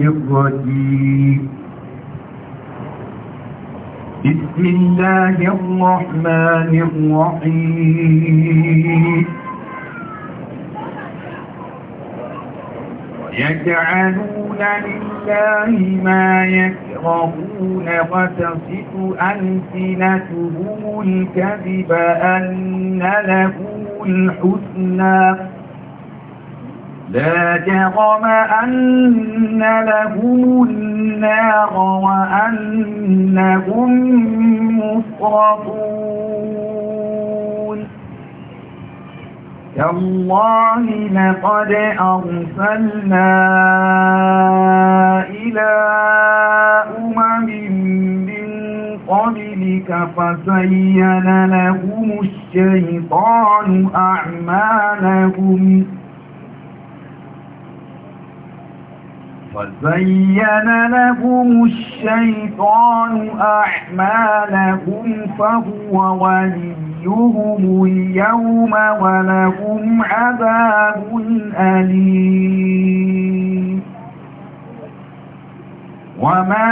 الرجيم بسم الله الرحمن الرحيم يجعلون لله ما يكرهون وتصف ألسنتهم الكذب أن له الحسنى لا جرم أن لهم النار وأنهم مفرطون تالله لقد أرسلنا إلى أمم من قبلك فزين لهم الشيطان أعمالهم وزين لهم الشيطان أعمالهم فهو وليهم اليوم ولهم عذاب أليم وما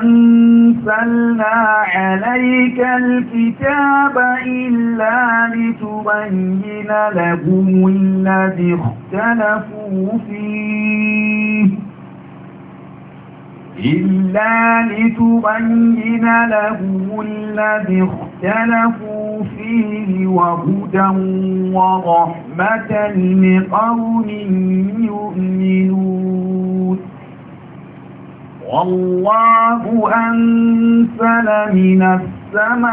أنزلنا عليك الكتاب إلا لتبين لهم الذي اختلفوا فيه إلا لتبين لهم الذي اختلفوا فيه وهدى ورحمة لقوم يؤمنون والله أنزل من السماء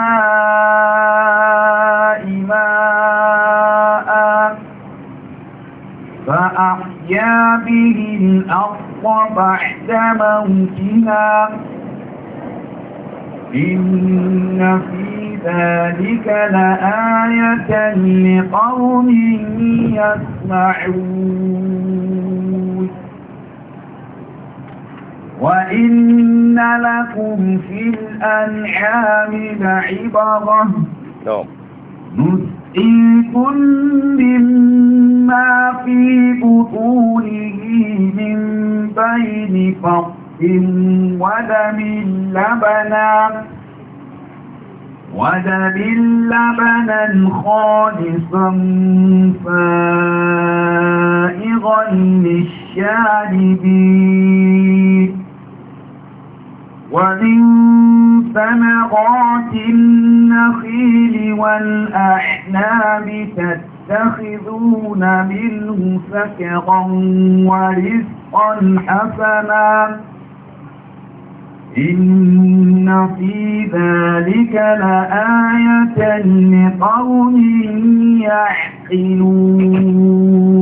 ماء فأحيا به الأرض بعد موتها إن في ذلك لآية لقوم يسمعون وإن لكم في الأنعام لعبرة نعم نسقيكم مما في بطونه من بين فقر ودم لبنا ودم لبنا خالصا فائغا للشاربين ومن ثمرات النخيل والأحناب تتخذون منه سكرا ورزقا حسنا إن في ذلك لآية لقوم يعقلون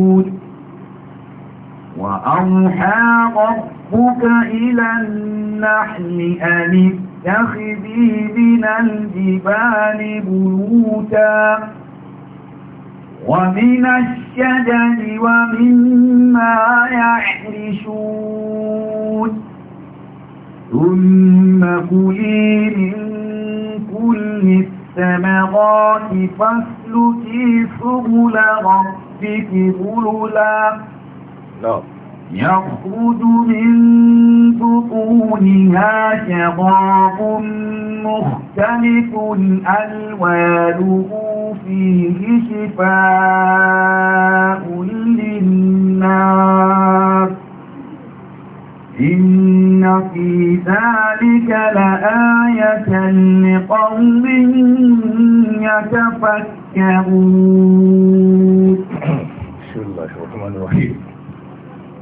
وأوحى ربك إلى النحل أن اتخذي من الجبال بيوتا ومن الشجر ومما يحرشون ثم كلي من كل الثمرات فاسلكي سبل ربك ذللا نعم. يخرج من بطونها شغاب مختلف ألوانه فيه شفاء للناس إن في ذلك لآية لقوم يتفكرون بسم الله الرحمن الرحيم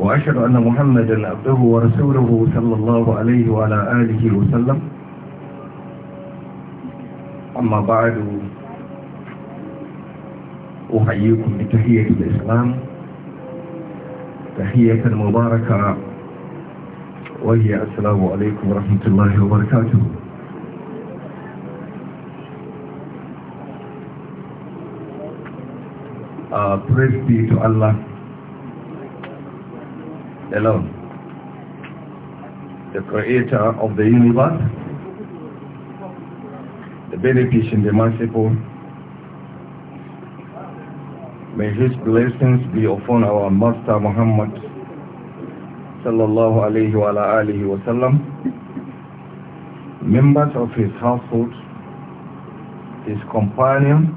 وأشهد أن محمدا عبده ورسوله صلى الله عليه وعلى آله وسلم أما بعد أحييكم بتحية الإسلام تحية مباركة وهي السلام عليكم ورحمة الله وبركاته Uh, praise be to Allah alone. The creator of the universe, the beneficent, the merciful, May his blessings be upon our Master Muhammad sallallahu alayhi wa alihi wa sallam, members of his household, his companion,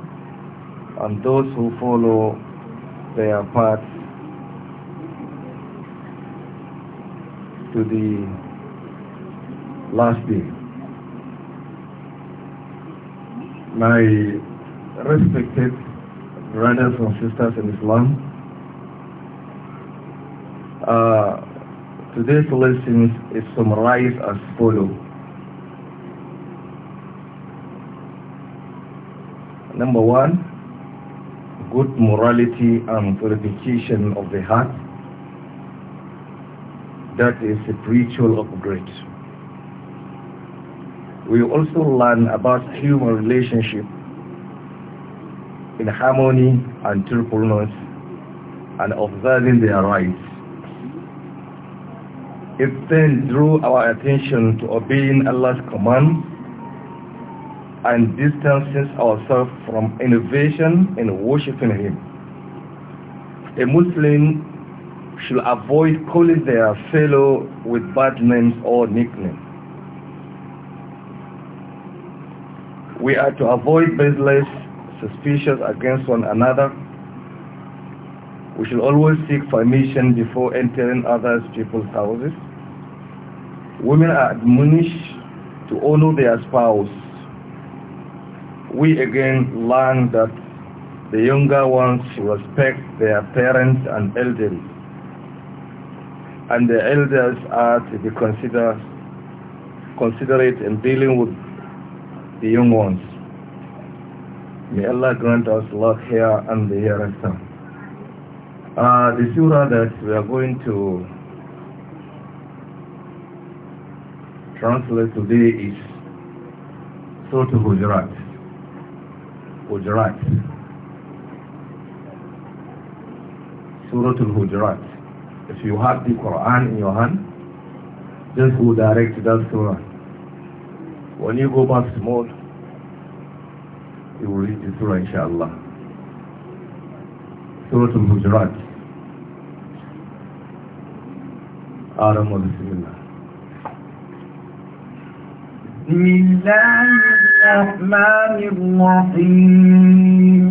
and those who follow their path to the last day. My respected brothers and sisters in Islam, uh, today's lesson is summarized as follows. Number one, good morality and purification of the heart. That is a spiritual upgrade. We also learn about human relationship in harmony and truthfulness and observing their rights. It then drew our attention to obeying Allah's command and distances ourselves from innovation in worshipping Him. A Muslim should avoid calling their fellow with bad names or nicknames. We are to avoid baseless suspicions against one another. We should always seek permission before entering other people's houses. Women are admonished to honor their spouse. We again learn that the younger ones respect their parents and elders and the elders are to be consider, considerate in dealing with the young ones. May Allah grant us luck here and the hereafter. Uh, the surah that we are going to translate today is Surah Hujurat. Hujurat. Surah al If you have the Quran in your hand, just go direct to that surah. When you go back to mode, you will read the surah inshallah. Surah al hujrat آدم وبسم الله بسم الله الرحمن الرحيم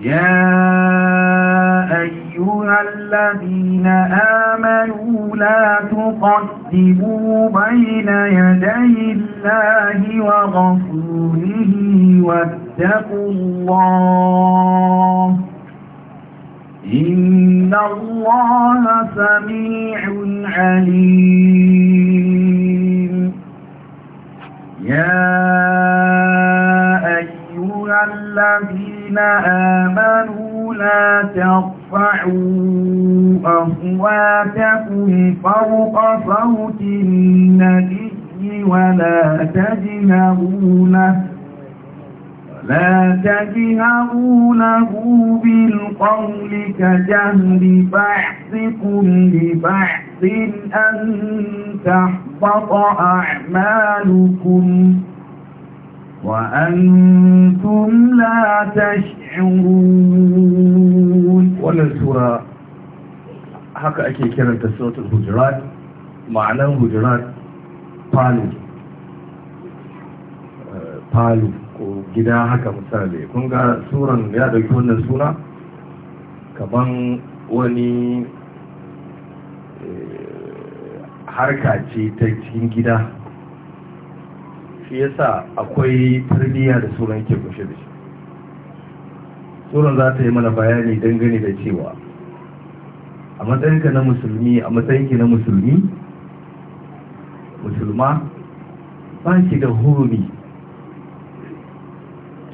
يا أيها الذين آمنوا لا تقدموا بين يدي الله ورسوله واتقوا الله إن الله سميع عليم يا أيها الذين آمنوا لا ترفعوا أصواتكم فوق صوت النبي ولا تجهروا لا تجهرونه بالقول كجهل بعضكم لبعض أن تحبط أعمالكم وأنتم لا تشعرون wannan sura haka ake kiranta suratul hujurat ma'anan hujurat falo. Eh, palu ko gida haka misali kun ga suran ya ɗauki wannan suna kaman wani eh, harka ce ta cikin gida shi yasa akwai tarbiyya da sunan yake kushe da shi suran za ta yi mana bayani dangane da cewa a matsayinka na musulmi a matsayinki na musulmi musulma ba shi da hurumi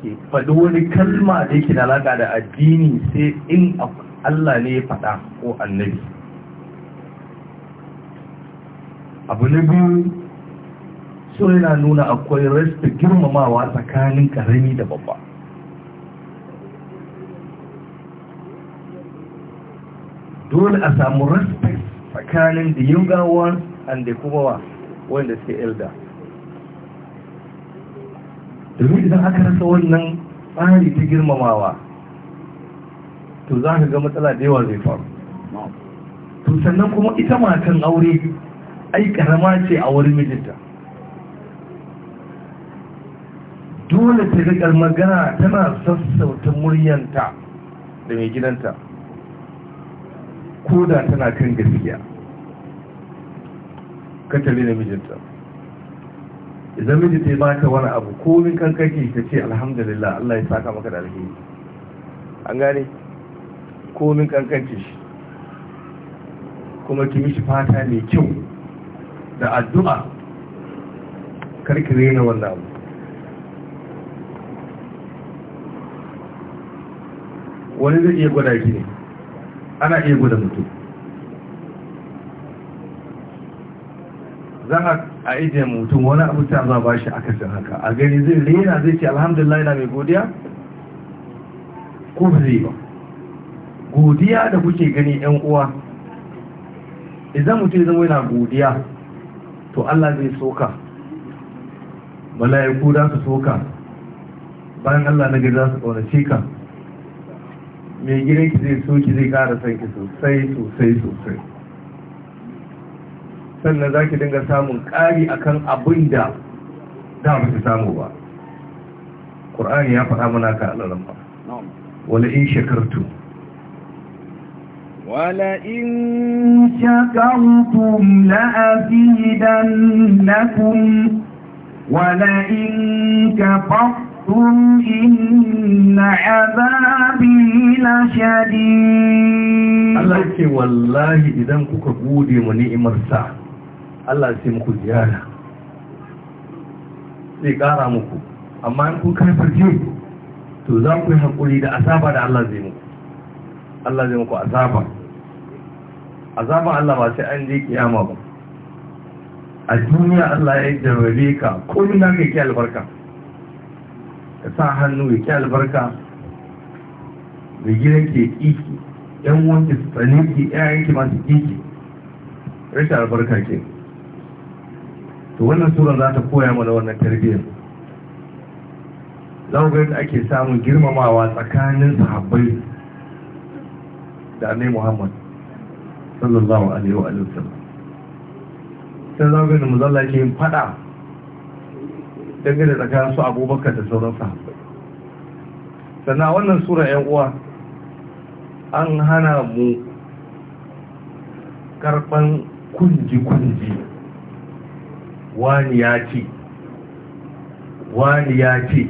ke faɗi wani kalma da yake da alaƙa da addini sai in Allah ne ya faɗa ko annabi abu na biyu so yana nuna akwai respect girmamawa tsakanin karami da babba dole a samu respect tsakanin the younger ones and the kuma wanda suke elder domin idan aka rasa wannan tsari ta girmamawa to za ka ga matsala da yawa zai faru to sannan kuma ita matan aure ai karama ce a wurin mijinta dole ta rikar magana tana sassauta muryanta da mai gidanta ko da tana kan gaskiya katali na mijinta idan mijinta ya baka wani abu komin kan kake ta ce alhamdulillah Allah ya saka maka da alheri an gane komin kankanke shi kuma ki mishi fata mai kyau da addu'a karki rena wannan abu wani zai iya gwada ki ne ana iya gwada mutum zan a ajiye mutum wani abu ta za ba shi sin haka a gani zai rena zai ce alhamdulillah yana mai godiya ko zai ba godiya da kuke gani yan uwa idan mutum zama yana godiya to Allah zai soka mala'iku za su soka bayan Allah na gari za su ƙaunace ka mai ki zai so ki zai kara son ki sosai sosai sosai sannan za ki dinga samun ƙari akan abin da da ba ki samu ba ƙur'ani ya faɗa mana ka alalan ba wala in shakartu wala in shakartum la'afidannakum wala in kafartum أَشْرَكْتُمْ إِنَّ عَذَابِي لَشَدِيدٌ Allah ce wallahi idan kuka gode mu ni'imarsa Allah sai muku ziyara zai ƙara muku amma in kun kafirce to za ku yi haƙuri da azaba da Allah zai muku Allah zai muku azaba azaban Allah ba sai an je kiyama ba a duniya Allah ya jarrabe ka ko ina kake albarka ya sa hannu ya ki albarka da gidan ke kiki yan wanki su tsane ki yayan ki masu kiki rashin albarka ke to wannan sura za ta koya mana wannan tarbiyyar laugar da ake samun girmamawa tsakanin sahabbai da annai muhammad sallallahu alaihi wa sallam sai zaugar da muzalla ke yin fada dangane tsakanin su abubakar da sauran sahabbai sannan wannan sura yan uwa an hana mu karban kunji-kunji wani ya ce wani ya ce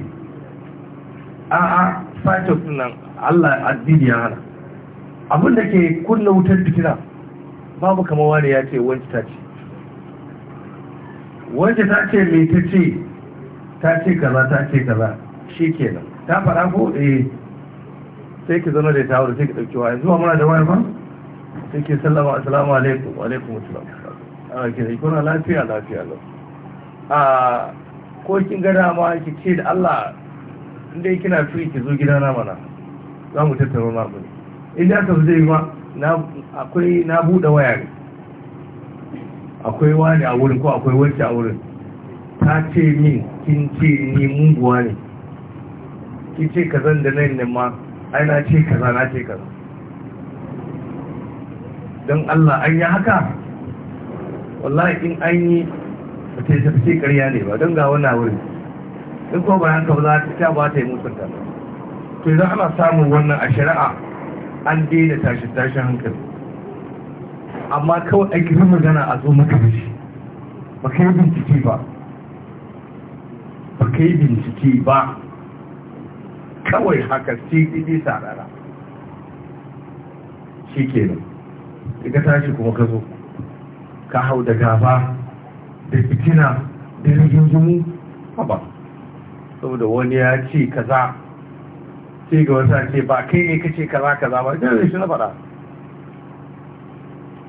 a a sace sunan allah addini ya hana abinda ke kunna wutar fitina babu kama wani ya ce wancita ta ce wancita ta ce mai ta ce ta ce kaza ta ce kaza shi kenan ta faɗa ko eh sai ki zama da ta wuri sai ki ɗauki waya zuwa muna da waya ba sai ki sallama assalamu alaikum wa alaikum assalam a ke da kuna lafiya lafiya lau a ko kin ga dama ki ce da Allah inda kina free ki zo gidana mana za mu tattauna na abu in da aka zai ma akwai na buɗe waya ne akwai wani a wurin ko akwai wacce a wurin ta ce min kin ce ni munguwa ne ki ce kazan da nan ne ma ai na ce kaza na ce ka don Allah an yi haka wallahi in an yi ba ta tafi ƙarya ne ba don ga wani wuri in ko ba haka ba za ta ta ba ta yi mutunta to idan ana samun wannan a shari'a an daina tashin tashin hankali amma kawai aiki yi magana a zo maka da shi ba ka yi bincike ba ba kai bincike ba kawai haka cdd sarara shi ke nan ka tashi kuma ka zo ka hau da gaba da fitina da rigingimu haba saboda wani ya ce kaza ce ga wasa ce ba kai ne ka ce kaza kaza ba da shi na fara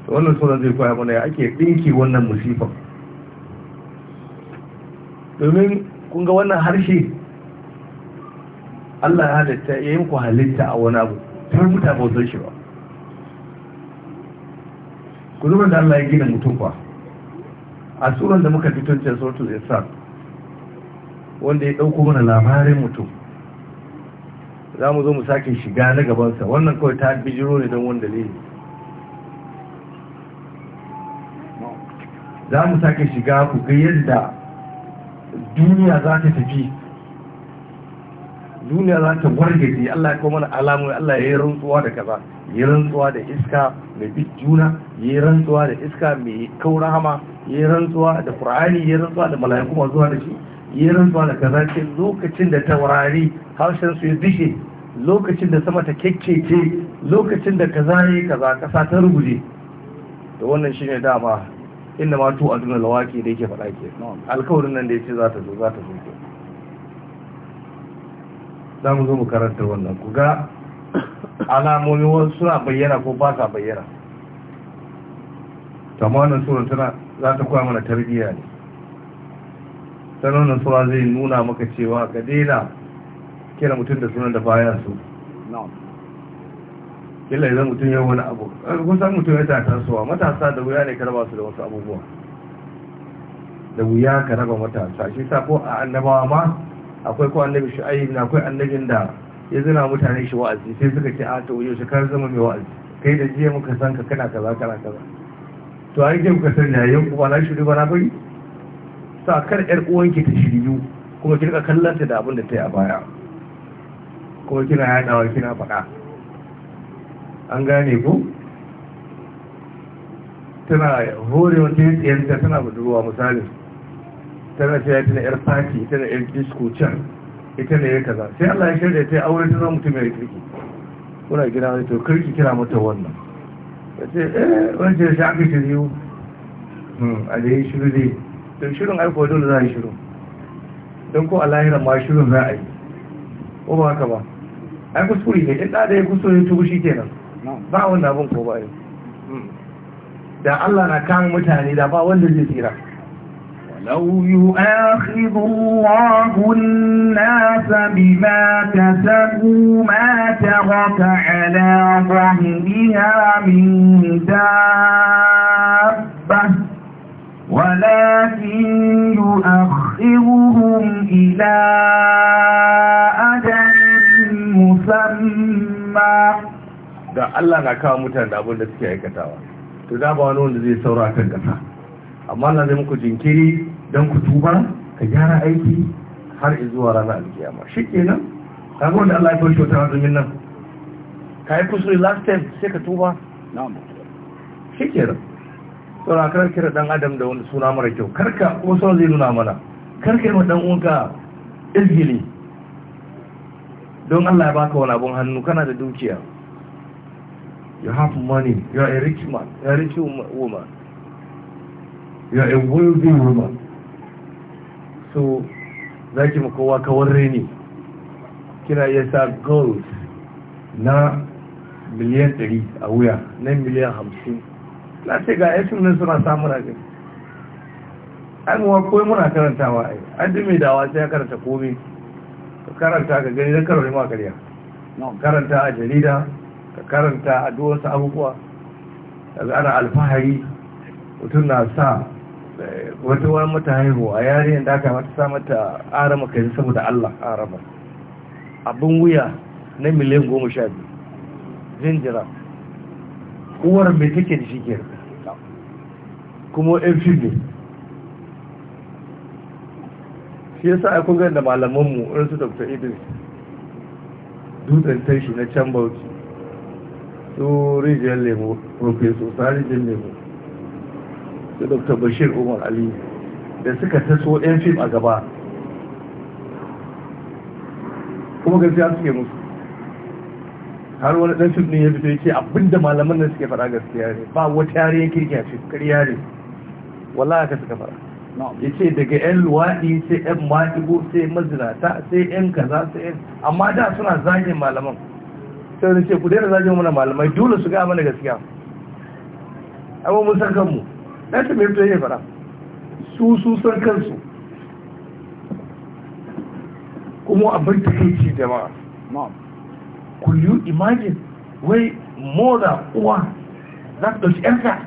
wannan sunan zai koya mana ya ake ɗinki wannan musifan domin kun ga wannan harshe Allah ya halitta ya yi ku halitta a wani abu tun muta ba bautar shi ba ku zuba da Allah ya gina mutum ba a tsoron da muka fito can zai sa wanda ya ɗauko mana labarin mutum za mu zo mu sake shiga na gabansa wannan kawai ta bijiro ne don wanda dalili za mu sake shiga ku ga yadda duniya za ta tafi duniya za ta wargaje Allah ya kuma mana alamu Allah ya yi rantsuwa da kaza ya rantsuwa da iska mai bi juna ya rantsuwa da iska mai kaura hama ya rantsuwa da qur'ani ya rantsuwa da mala'iku masu zuwa da shi ya rantsuwa da kaza ce lokacin da taurari harshen su ya dishe lokacin da sama ta kekkece lokacin da kaza ya kaza kasa ta ruguje da wannan shine dama inda ma tu aduna lawaki da yake faɗa ke alkawarin nan da ya ce za ta zo za ta zo ke za mu zo mu karanta wannan ku ga alamomi wasu suna bayyana ko ba sa bayyana wannan sura tana za ta koya mana tarbiyya ne sanonin sura zai nuna maka cewa ga daina kira mutum da sunan da baya su illa idan mutum ya wani abu eh, Kusan mutum ya tata suwa matasa da wuya ne karaba su da wasu abubuwa da wuya ka raba matasa shi sa ko a annabawa ma akwai ko annabi ayi na akwai annabin da ya zina mutane shi wa'azi sai suka ce a ta wuyo shi kar zama mai wa'azi kai da jiya muka san ka kana kaza kana kaza to ai ke muka san yayin ku ba na shiri ba na bari sa kar yar uwanki ta shiryu kuma ki kallanta da abin da ta yi a baya kuma kina yadawa kina faɗa an gane ku tana hore wata yankiyarta tana budurwa misali tana ce ya tana yar ita tana yar disko can ita ne ya kaza sai Allah ya shirya ta aure ta zama mutum mai kirki kuna gina wani to kirki kira mata wannan ya ce eh wani ya shafi ta biyu a da yi shiru zai to shirin aiko dole za a yi shirin don ko a lahiran ma shirin za a yi ko ba haka ba ai kuskure ne in ɗa ya kusuri tubu shi kenan ba wannan abin ko ba da Allah na kama mutane da ba wanda zai tsira ولو يؤاخذ الله الناس بما كسبوا ما ترك على ظهرها من دابة ولكن يؤخرهم إلى أجل مسمى da Allah na kawo mutane da abin da suke aikatawa to da ba wani wanda zai saura kan kasa amma Allah zai muku jinkiri don ku tuba ka gyara aiki har zuwa ranar alkiyama shi ke ka ga wanda Allah ya fashe wata azumin nan ka yi kusuri last time sai ka tuba shi to na kar kira dan adam da wani suna mara kyau karka kuma sauran zai nuna mana karka yi ma dan uwanka izgili don Allah ya baka wani abun hannu kana da dukiya You have money. You are a rich man. You are a rich woman. You are a wealthy woman. So, za mu kowa kawar reni. Kina iya sa gold na miliyan 100 a wuya, na miliyan 50. Na ce ga yashin nan suna samun a An wa koyi muna karantawa ai. An ji da dawa sai ya karanta komi. Karanta ga gani don karanta ma karya. Karanta a jarida, karanta a duk wasu abubuwa daga ana alfahari mutum na sa eh, wata wani mata haihu a yare da aka mata sa mata arama kai saboda Allah arama abin wuya na miliyan goma sha biyu jira. uwar mai take da shi ke kuma yan ne shi ya sa aikun gani da malamanmu irin su dr idris dutsen tashi na can bauchi su rijiyar lemo profeso sa rijiyar lemo su dr bashir umar ali da suka taso yan fim a gaba kuma gaskiya suke musu har wani ɗan fim ne ya fito yake abinda malaman nan suke fara gaskiya ne ba wata yare ya kirki a fim ƙarya ne wala haka suka fara Ya ce daga yan luwaɗi sai yan maɗigo sai mazinata sai yan kaza sai yan amma da suna zagin malaman sai da ce ku daina zagin muna malamai dole su ga mana gaskiya amma mun san kanmu na ta mai ya fara su su san kansu kuma abin da ke ci jama'a ku yi imagine wai moda uwa za ta ɗauki yanka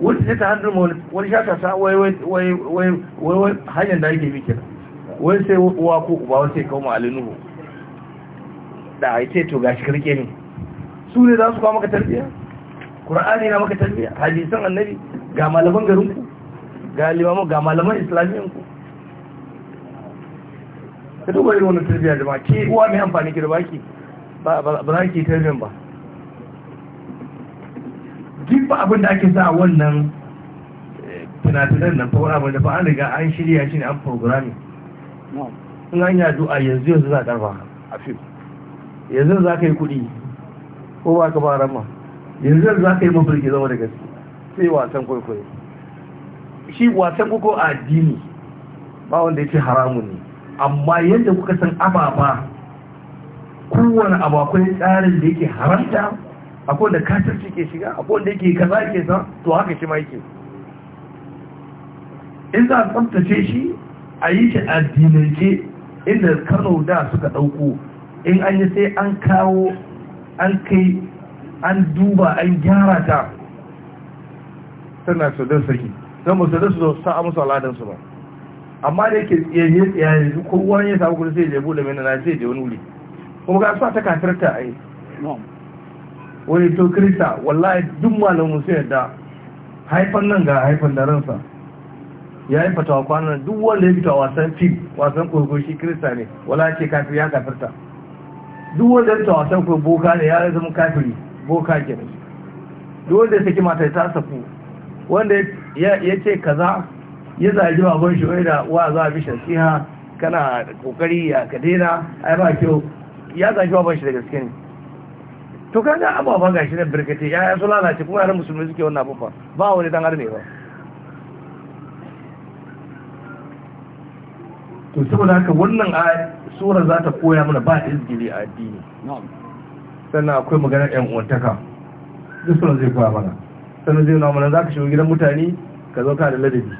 wani zai ta hannun wani shata sa wai wai hanyar da ake bi kira wai sai uwa ko uba wai sai kawo ma'alinuhu da ya ce to gashi karke ne su ne za su kawo maka tarbiyya ƙura'ani na maka tarbiyya hadisan annabi ga malaman garinku ga limamu ga malaman islamiyanku ka duba irin wani tarbiyya da ke uwa mai amfani ki da baki ba za ki tarbiyyan ba duk ba abin da ake sa wannan eh, finafinan nan wani abin da ba an riga an shirya shi ne an programming in an yi addu'a yanzu yanzu za a karfa a fim yanzu za ka yi kuɗi ko ba ka ba rama yanzu za ka yi mafirki zama da gaske sai wasan kwaikwayo shi wasan kwaikwayo a addini ba wanda ya ce haramun ne amma yadda kuka san ababa kowane abu akwai tsarin da yake haramta akwai da katarci ke shiga akwai wanda yake kaza ke sa to haka shi ma yake in za a tsabtace shi a yi shi addinance inda kano da suka ɗauko in an yi sai an kawo an kai an duba an gyara ta tana sadar sarki don ba sadar su sa a musu aladansu ba amma da yake ko wani ya samu kudu sai ya bude mai na sai da wani wuri kuma ga sa ta ta a yi wani to krista wallahi duk malamu sai yadda haifan nan ga haifan da ransa ya yi fatawa kwanan duk wanda ya fita wasan fim wasan kurkushi krista ne wala ce kafin ya kafirta duk wanda ta wasan ku boka ne ya zama kafiri boka kenan duk wanda ya saki mata ta safu wanda ya ce kaza ya zagi baban shi da wa za a bi shasiha kana kokari ya ka daina ai ba kyau ya zagi baban shi da gaske ne to kaga ga gashi na birkate ya ya so lalace kuma yaran musulmi suke wannan abubuwa ba wani dan arme ba to saboda haka wannan sura za ta koya mana ba izgiri a addini sannan akwai maganar yan uwantaka duk suna zai koya mana sannan zai nuna za ka shiga gidan mutane ka zo da ladabi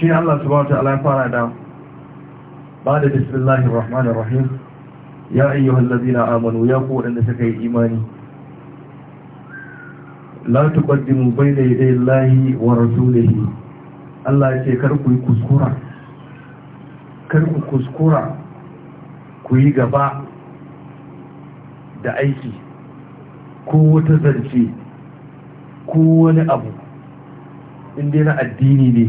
shi Allah subhanahu wa ta'ala ya fara da ba da bismillahir rahmanir rahim ya ayyuhal ladina amanu ya ku wadanda suka yi imani la tuqaddimu bayna yaday wa rasulihi Allah ya ce kar ku yi kuskura kar ku kuskura ku yi gaba da aiki ko wata zance ko wani abu inda na addini ne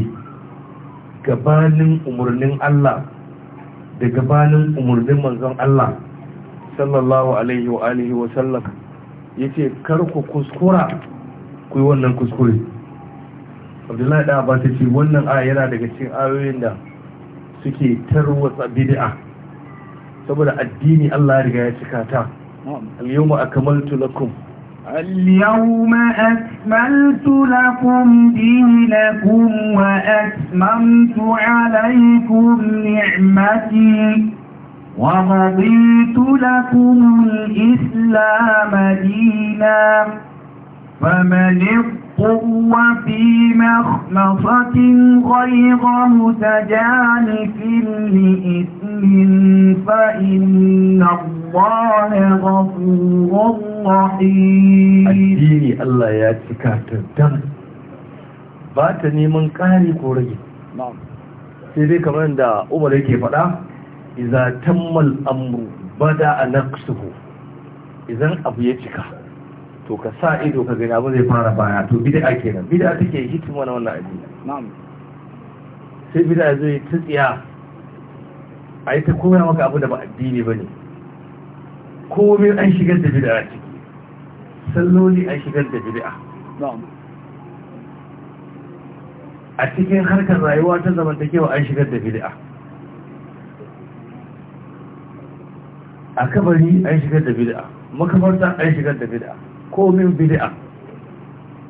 gabanin umarnin Allah da gabanin umarnin manzon Allah sallallahu alaihi wa alihi wa sallam yace kar ku kuskura ku yi wannan kuskure Abdullahi da ba ta ce wannan aya yana daga cikin ayoyin da suke tarwatsa bid'a saboda addini Allah ya riga ya cika ta al-yawma akmaltu lakum al-yawma akmaltu اليوم أكملت لكم دينكم وأتممت عليكم نعمتي ورضيت لكم الإسلام دينا فمن اضطر وهو في مخلصة غير متجانف لإثم فإن الله غفور رحيم الدين الله ياتيك تدم بات neman ƙari ko rage sai dai kamar da umar yake faɗa iza tammal amru bada a naqsuhu idan abu ya cika to ka sa ido ka gani abu zai fara baya to bid'a a kenan bid'a take hikima na wannan addini sai bid'a zai tsiya yi ta koya maka abu da ba addini ne komai an shigar da bid'a a ciki salloli an shigar da bid'a a cikin harkar rayuwa ta zamantakewa an shigar da bid'a a kabari an shigar da bid'a makamarta an shigar da bid'a komin bid'a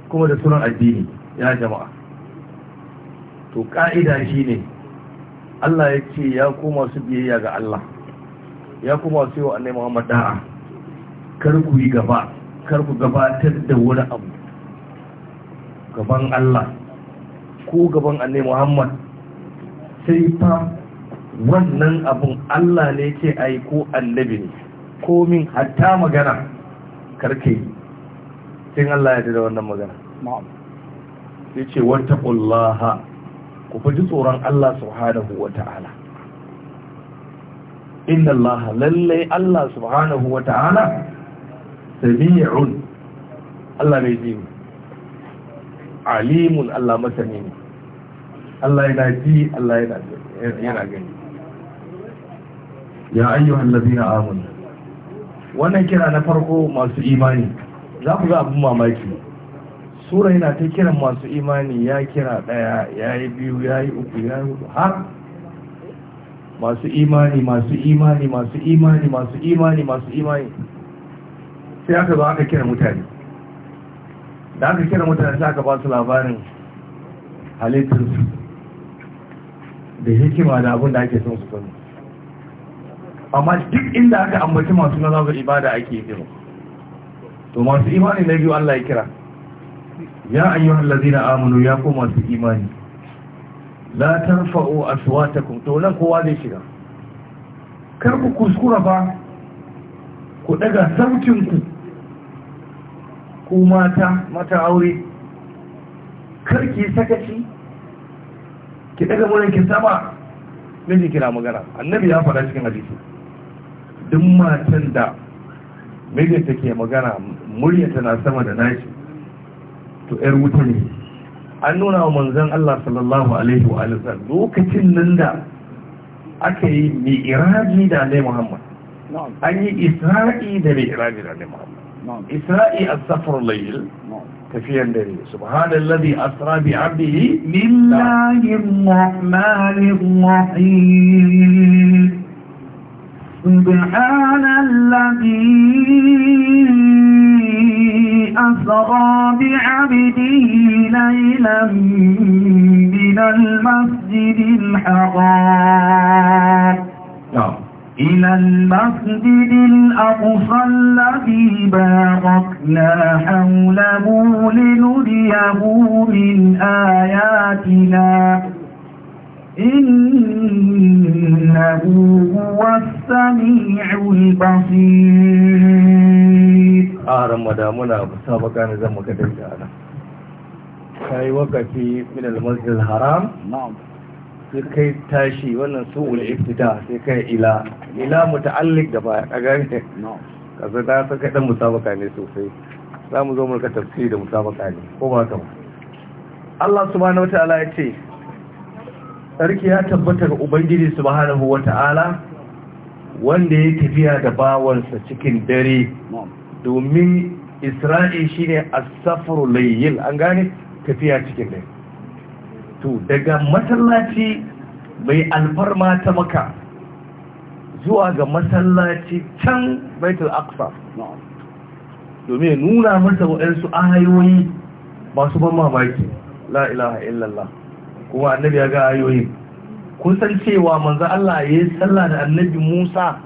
kuma da sunan addini ya jama'a to ka'ida shine Allah ya ce ya koma su biyayya ga Allah ya koma su yi wa annai Muhammad da'a kar ku yi gaba kar ku gabatar da wani abu gaban Allah ko gaban annai Muhammad sai fa wannan abun Allah ne ce ai ko annabi ne komin hatta magana karkai in Allah ya da wannan magana Ya ce wattaqullaha ku fi tsoron Allah subhanahu ta'ala. inna Allah lalle Allah subhanahu ta'ala sami'un Allah mai ji alimun Allah masani ne Allah yana ji Allah yana gani ya ayyuhallazina amanu wannan kira na farko masu imani za ku ga abin mamaki sura yana ta kiran masu imani ya kira ɗaya ya yi biyu ya yi uku ya yi har masu imani masu imani masu imani masu imani masu imani sai aka zo aka kira mutane da aka kira mutane sai aka ba su labarin halittarsu da hikima da abin da ake son su sani amma duk inda aka ambaci masu nazarar ibada ake yi to masu imani na biyu Allah ya kira ya ayyuhal ladina amanu ya ku masu imani la tarfa'u aswatakum to nan kowa zai shiga kar ku kuskura ba ku daga sautin ku ku mata mata aure kar ki sakaci ki daga wurin ki saba miji kira magana annabi ya faɗa cikin hadisi duk matan da mijinta ke magana muryata na sama da nashi to yar wuta ne an nuna wa manzan Allah sallallahu alaihi wa sallam lokacin nan da aka yi mi'iraji da Annabi Muhammad an yi isra'i da mi'iraji da Annabi Muhammad isra'i as-safar layl tafiyan dare subhanallazi asra bi 'abdihi min lahir rahmanir سبحان الذي أسرى بعبده ليلا من المسجد الحرام نعم. إلى المسجد الأقصى الذي باركنا حوله لنريه من آياتنا إنه هو السميع البصير أعلم ودامنا سابقا نزم وكتب تعالى kai wakati min al-masjid al-haram sai kai tashi wannan su'ul iftida sai kai ila ila muta'alliq gaba a gane ne kaza da sai kai dan musabaka ne sosai za mu zo mu ka tafsiri da musabaka ne ko ba ka Allah subhanahu wataala ya ce Sarki ya tabbata ga ubangiji subhanahu wata'ala wanda ya tafiya da bawansa cikin dare domin isra'i shine as safar layyil an gane tafiya cikin dare to daga masallaci mai alfarma ta maka zuwa ga masallaci can baitul aqsa domin nuna masa waɗansu ahayoyi masu ban mamaki la ilaha illallah kuma annabi ya ga ayoyin kun san cewa manzo Allah ya yi sallah da annabi Musa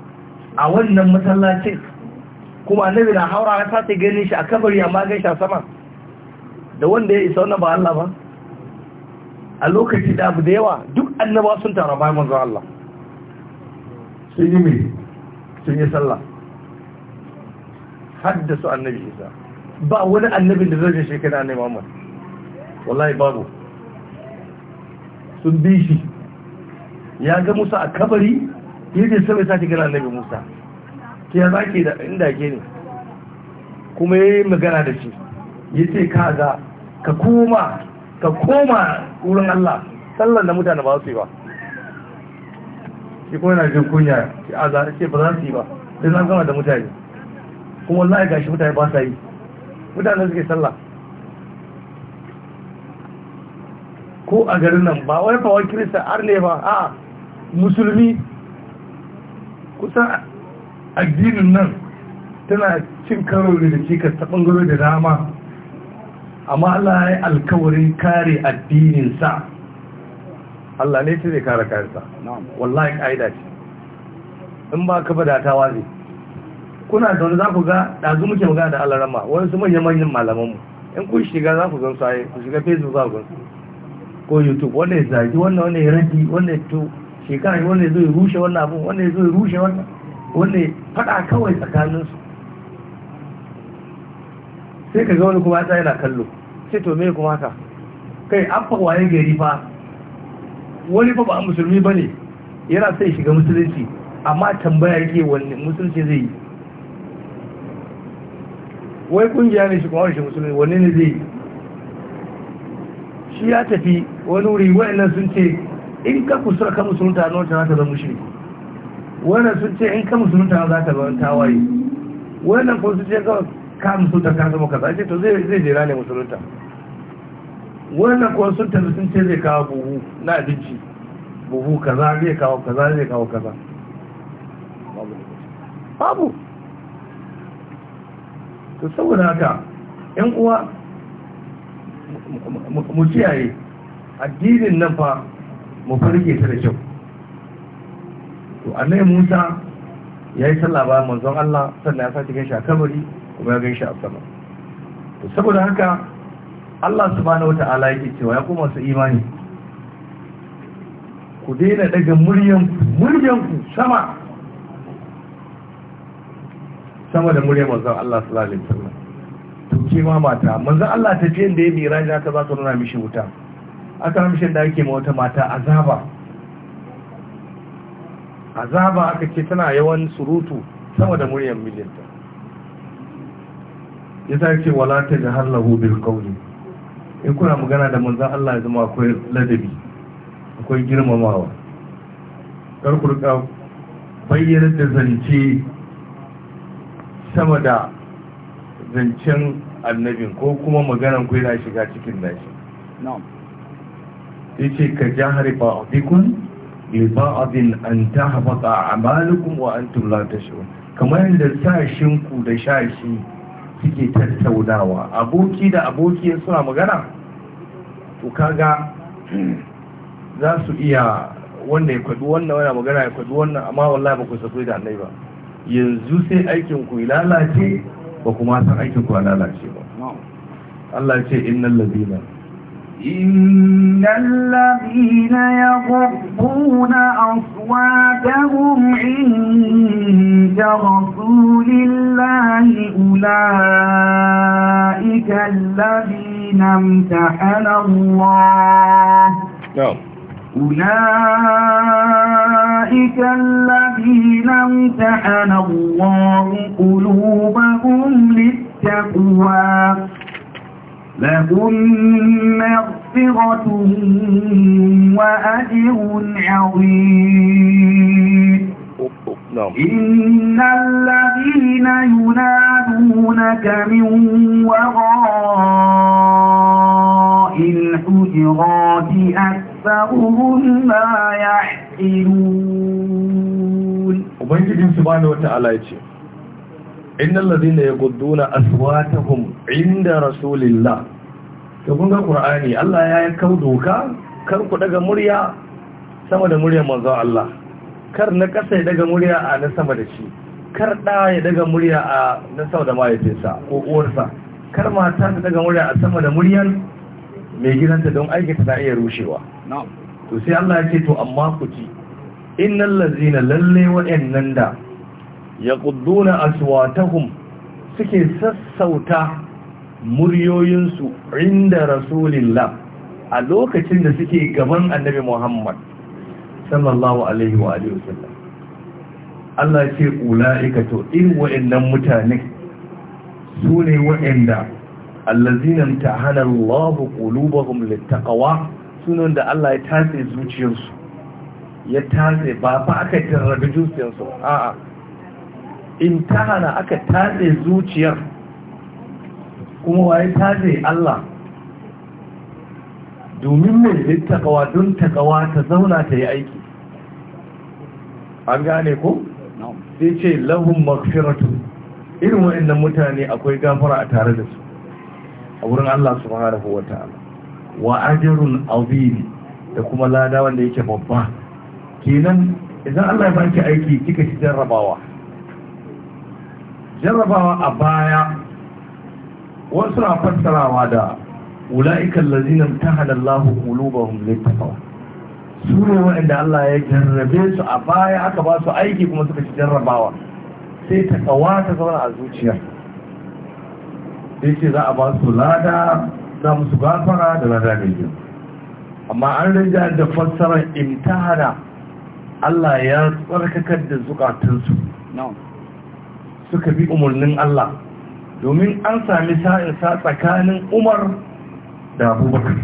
a wannan masallacin kuma annabi na haura ya sace ganin shi a kabari amma ga shi a sama da wanda ya isa wannan ba Allah ba a lokaci da abu da yawa duk annaba sun tara bayan manzo Allah sun yi mai sun yi sallah haddasu annabi Isa ba wani annabin da zai je shekara annabi Muhammad wallahi babu sun bi shi ya ga musa a kabari ya ce sabai sake gana annabi musa ke ya zake da inda ke ne kuma ya yi magana da shi ya ce ka ga ka koma ka koma wurin allah sallan da mutane ba su yi ba shi kuma yana jin kunya a zaɗa ce ba za su yi ba sai zan gama da mutane kuma wallahi gashi mutane ba sa yi mutane suke sallah ko a garin nan ba wai fawon kirista har ne ba a musulmi kusan addinin nan tana cin karo da cikas ta bangaro da dama amma Allah ya yi alkawarin kare addininsa Allah ne ce zai kare kayansa wallahi ƙa'ida ce in ba ka bada ta wazi kuna da wani za ku ga ɗazu muke magana da Allah rama wani su manyan manyan malamanmu in kun shiga za ku gan su ku shiga facebook za ku gan su ko youtube wanda ya zagi wannan wanda ya rage wanda to shekara wanda ya zo ya rushe wannan abin wanda ya zo ya rushe wannan ya faɗa kawai tsakaninsu sai ka ga wani kuma ta yana kallo sai to me kuma haka kai an fa waye gari fa wani fa ba musulmi ba ne yana sai shiga musulunci amma tambaya yake wani musulunci zai yi wai kungiya ne shi kuma wani shi musulmi wani ne zai yi shi ya tafi wani wuri wa'annan sun ce in ka kusura ka musulunta na wata zata zama shiri wannan sun ce in ka musulunta na zata zama tawaye wannan kuma sun ce ka musulunta ka zama kaza ce to zai zai jira ne musulunta wannan kuma sun tafi sun ce zai kawo buhu na abinci buhu kaza zai kawo kaza zai kawo kaza babu to saboda haka yan uwa mu kiyaye addinin nan fa mu farke ta da kyau to annai musa ya yi sallah ba manzon Allah sannan ya sace shi a kabari kuma ya gaishe a sama to saboda haka Allah subhanahu wata'ala yake cewa ya kuma su imani ku daina daga muryan muryan sama sama da muryan manzon Allah sallallahu alaihi wasallam to ma mata manzan Allah ta ce da ya mira ya ta za su nuna mishi wuta aka ramshin da ake ma wata mata azaba azaba aka ce tana yawan surutu sama da muryar mijinta ya ta ce wala ta har lahu bil kauli in kuna magana da manzan Allah ya zama akwai ladabi akwai girmamawa kar bayyana da zance sama da zancen annabin ko kuma maganan ku yana shiga cikin nashi yace ka jahari ba'dikum li ba'din an tahbata a'malukum wa antum la tash'urun kamar yadda sashin ku da shashi suke tattaunawa aboki da aboki suna magana to kaga za su iya wanda ya kwadu wannan wani magana ya kwadu wannan amma wallahi ba ku sabu da annai ba yanzu sai aikin ku lalace ba kuma san aikin ku a ba. Allah ce innan labina. Innan labina ya gwabbuna a swadahun inda rasulillahi ula ikan labinan ta hana Allah. أولئك الذين امتحن الله قلوبهم للتقوى لهم مغفرة وأجر عظيم إن الذين ينادونك من وراء الحجرات أكثرهم لا يحقلون وبنجد سبحانه وتعالى يتشف innal ladina yaghudduna aswatahum inda rasulillah to kun ga qur'ani Allah ya kawo doka kar ku daga murya sama da muryar manzon Allah kar na ƙasa ya daga murya a na sama da shi kar ɗa ya daga murya a na sama da mahaifinsa ko uwarsa kar mata ta daga murya a sama da muryar, mai gidanta don aikata na iya rushewa to sai Allah ya ce to amma ku ci innal ladzina lalle wa'annan da yaqudduna aswatahum suke sassauta muryoyinsu inda rasulillah a lokacin da suke gaban annabi Muhammad sallallahu alaihi wa alihi wasallam Allah ce ula'ika to in wa'annan mutane su ne wa'anda allazina tahana Allah qulubuhum littaqwa sunan da Allah ya tatse zuciyarsu ya tatse ba ba aka tarrabi zuciyarsu a'a in tahana aka tatse zuciyar kuma waye tatse Allah domin mai littaqwa don takawa ta zauna ta yi aiki an gane ko sai ce lahum maghfiratu irin wa'annan mutane akwai gafara a tare da su a wurin Allah subhanahu wata'ala wa ajrun azim da kuma lada wanda yake babba kenan idan Allah ya baki aiki kika ci jarrabawa jarrabawa a baya wasu na fassarawa da ula'ikan lazinan ta halallahu ƙulubahun littafawa su ne waɗanda Allah ya jarrabe su a baya aka ba su aiki kuma suka ci jarrabawa sai ta kawa ta zauna a zuciya sai ce za a ba su lada za musu gafara da lada mai yi amma an rinja da fassarar imtihana Allah ya tsarkakar da zukatunsu suka bi umarnin Allah domin an sami sa'insa tsakanin umar da abubakar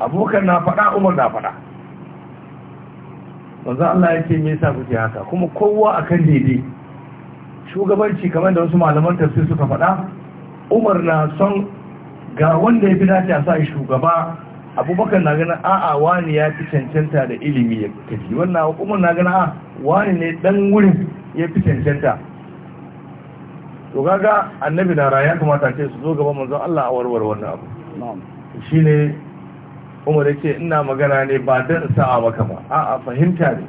abokan na faɗa umar na faɗa wanzan Allah ya ce me yasa kuke haka kuma kowa akan daidai shugabanci kamar da wasu malaman tafsir suka faɗa umar na son ga wanda ya fi dace a sa shugaba abubakar na a a'a wani ya fi cancanta da ilimi ya tafi wannan umar na gana a wani ne dan wurin ya fi cancanta to gaga annabi na raya kamata ce su zo gaban manzon Allah a warware wannan abu shine umar ya ce ina magana ne ba don sa'a maka ba a a fahimta ne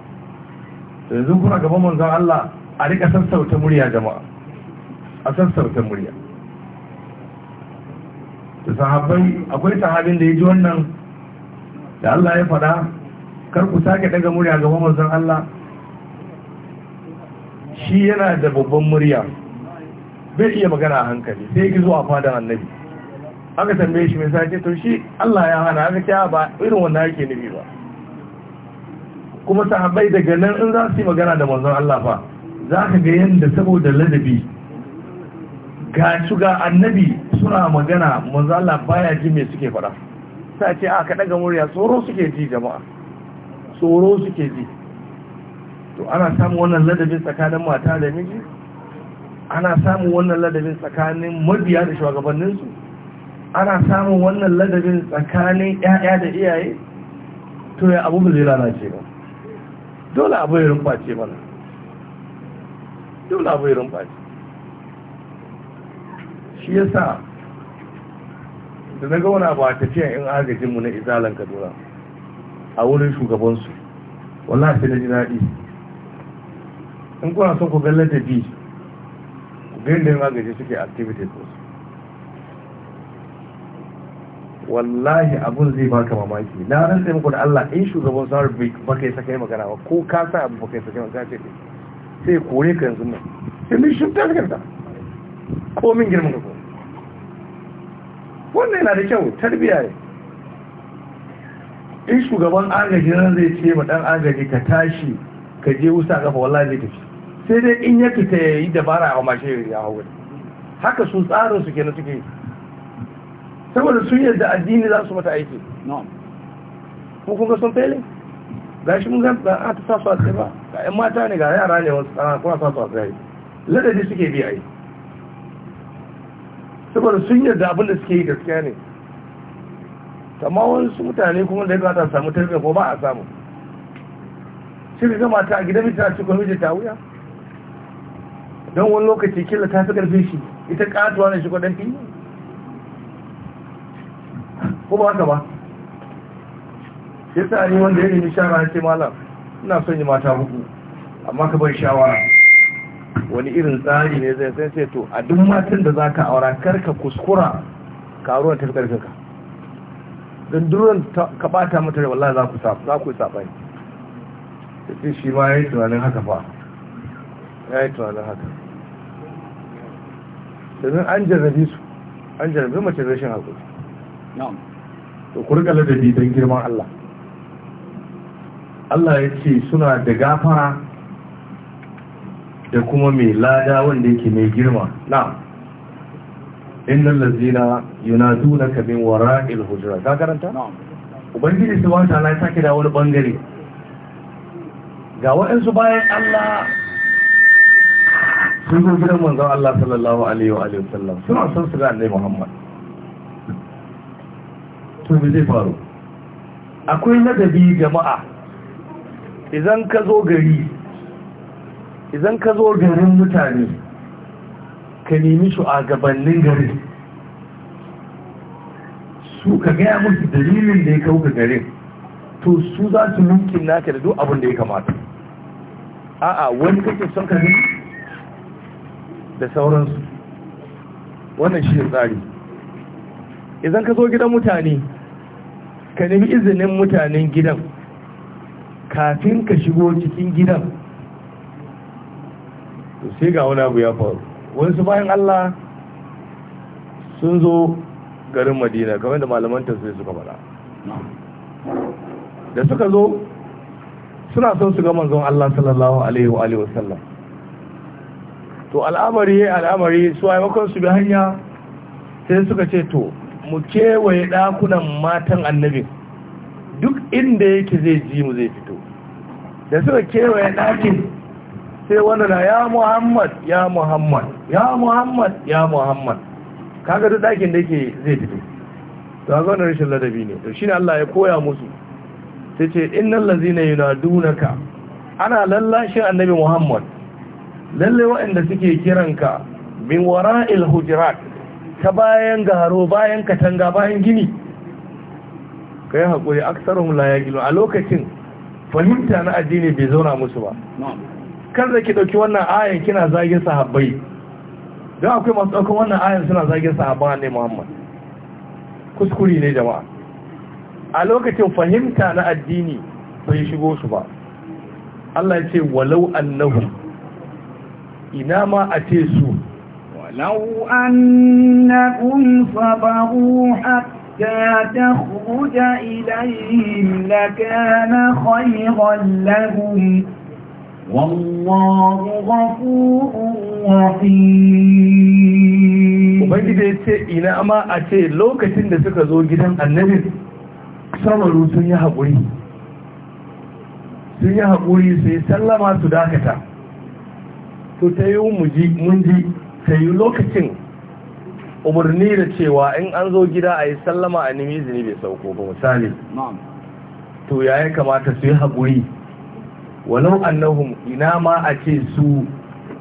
yanzu kuna gaban manzan Allah a rika sassauta murya jama'a a sassauta murya da sahabbai akwai sahabin da ya ji wannan da Allah ya fada kar ku sake daga murya gaban manzan Allah shi yana da babban murya bai iya magana a hankali sai ya ki zuwa fadan annabi aka tambaye shi mai sace to shi Allah ya hana aka kya ba irin wannan yake nufi ba kuma sahabbai daga nan in za su yi magana da manzon Allah fa za ka ga yadda saboda ladabi ga shuga annabi suna magana manzon Allah baya ji me suke faɗa sa ce a ka daga murya tsoro suke ji jama'a tsoro suke ji to ana samun wannan ladabin tsakanin mata da miji ana samu wannan ladabin tsakanin mabiya da shugabanninsu ana samun wannan ladabin tsakanin ‘ya'ya da iyaye to ya abu ba zai lalace ba dole abu ya rumface mana dole abu ya rumface shi ya sa da na gauna ba a tafiya in agajinmu na izalan kaduna a wurin shugabansu wala sai na ji daɗi in kuna son ku ga ladabi ku ga yadda yin agaji suke activities wallahi abun zai baka mamaki na rantsa muku da Allah in shugaban sahar baka yi sakai magana ba ko ka sa abu baka yi sakai magana ce sai kore ka yanzu nan sai mun shi ta garda ko min girma ka wannan yana da kyau tarbiya ne in shugaban agaji nan zai ce ma dan agaji ka tashi ka je wusa kafa wallahi zai tafi sai dai in ya fita yayi dabara a mashayar ya hawo haka su tsarin su kenan suke yi saboda sun yadda addini za su mata aiki ko kun ga sun fele shi mun ga a ta sasu a tsaye ba ga yan mata ne ga yara ne wasu tsara kuma sasu a tsaye ladadi suke biya yi saboda sun yadda abinda suke yi gaskiya ne amma wasu mutane kuma da ya ta samu tarbiyya ko ba a samu shi ga mata a gidan mita cikin mijin ta wuya don wani lokaci kila ta fi karfe shi ita katuwa ne shi kwadon fiye ko ba haka ba ya sa ni wanda ya nemi shara ce malam ina son yi mata huku amma ka bai shawara wani irin tsari ne zai sai sai to a duk matan da za ka aura karka kuskura karuwar ta karfe ka duran ka bata mata wallahi za ku za ku bai sai shi ma yayi tunanin haka fa yayi tunanin haka sai an jarrabe su an jarrabe mace rashin hakuri na'am to ku rika ladabi don girman Allah Allah ya ce suna da gafara da kuma mai lada wanda yake mai girma na innal ladzina yunadunaka min wara'il hujurat ka karanta ubangiji subhanahu wataala ya sake da wani bangare ga waɗansu bayan Allah sun zo gidan manzon Allah sallallahu alaihi wa alihi wasallam suna son su ga annabi Muhammad to me zai faru akwai ladabi jama'a idan ka zo gari idan ka zo garin mutane ka nemi a gabanin gari su ka gaya musu dalilin da ya kawo ga garin to su za su mulkin naka da duk abin da ya kamata a'a wani kake son ka da sauransu wannan shi tsari idan ka zo gidan mutane ka nemi izinin mutanen gidan kafin ka shigo cikin gidan sai ga wani abu ya faru wasu bayan Allah sun zo garin madina kamar da malaman sai suka fara da suka zo suna son su ga manzon Allah sallallahu alaihi wa alihi wasallam to al'amari al'amari su aimakon su bi hanya sai suka ce to mu kewaye ɗakunan matan annabin duk inda yake zai ji mu zai fito da suka kewaye ɗakin sai wani na ya muhammad ya muhammad ya muhammad ya muhammad kaga duk ɗakin da yake zai fito to ga wannan rashin ladabi ne to shine Allah ya koya musu sai ce innal na yunadunaka ana lallashin annabi muhammad Lallai waɗanda suke kiranka min wara'il hujurat ta bayan gaharo bayan katanga bayan gini ka yi haƙuri aksarun layagilu a lokacin fahimta na addini bai zauna musu ba kan da ki ɗauki wannan ayan kina zagin sahabbai don akwai masu ɗaukar wannan ayan suna zagin sahabba ne muhammad kuskuri ne jama'a a lokacin fahimta na addini bai shigo su ba Allah ya ce walau annahu ina ma a ce su ولو أنهم صبروا حتى تخرج إليهم لكان خيرا لهم والله غفور رحيم ubangiji ya ce ina ma a ce lokacin da suka zo gidan annabin samaru sun yi haƙuri sun yi su yi sallama su dakata to ta yi mun ji ta yi lokacin umarni da cewa in an zo gida a yi sallama a nemi izini bai sauko ba misali to ya yi kamata su yi haƙuri walau annahum ina ma a ce su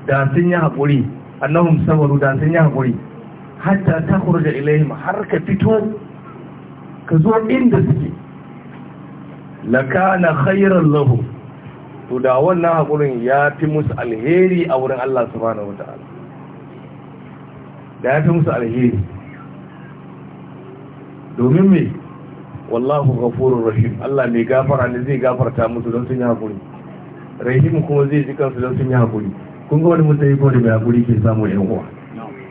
da sun yi haƙuri annahum samaru da sun yi haƙuri hatta ta kurja ilayhim har ka fito ka zo inda suke lakana khairan lahu, to da wannan haƙurin ya fi musu alheri a wurin Allah subhanahu wa ta'ala da ya fi musu alheri domin me wallahu ghafurur rahim Allah mai gafara ne zai gafarta musu don sun yi hakuri rahim kuma zai ji kansu don sun yi hakuri kun ga wani mutane ko da mai hakuri ke samu yan uwa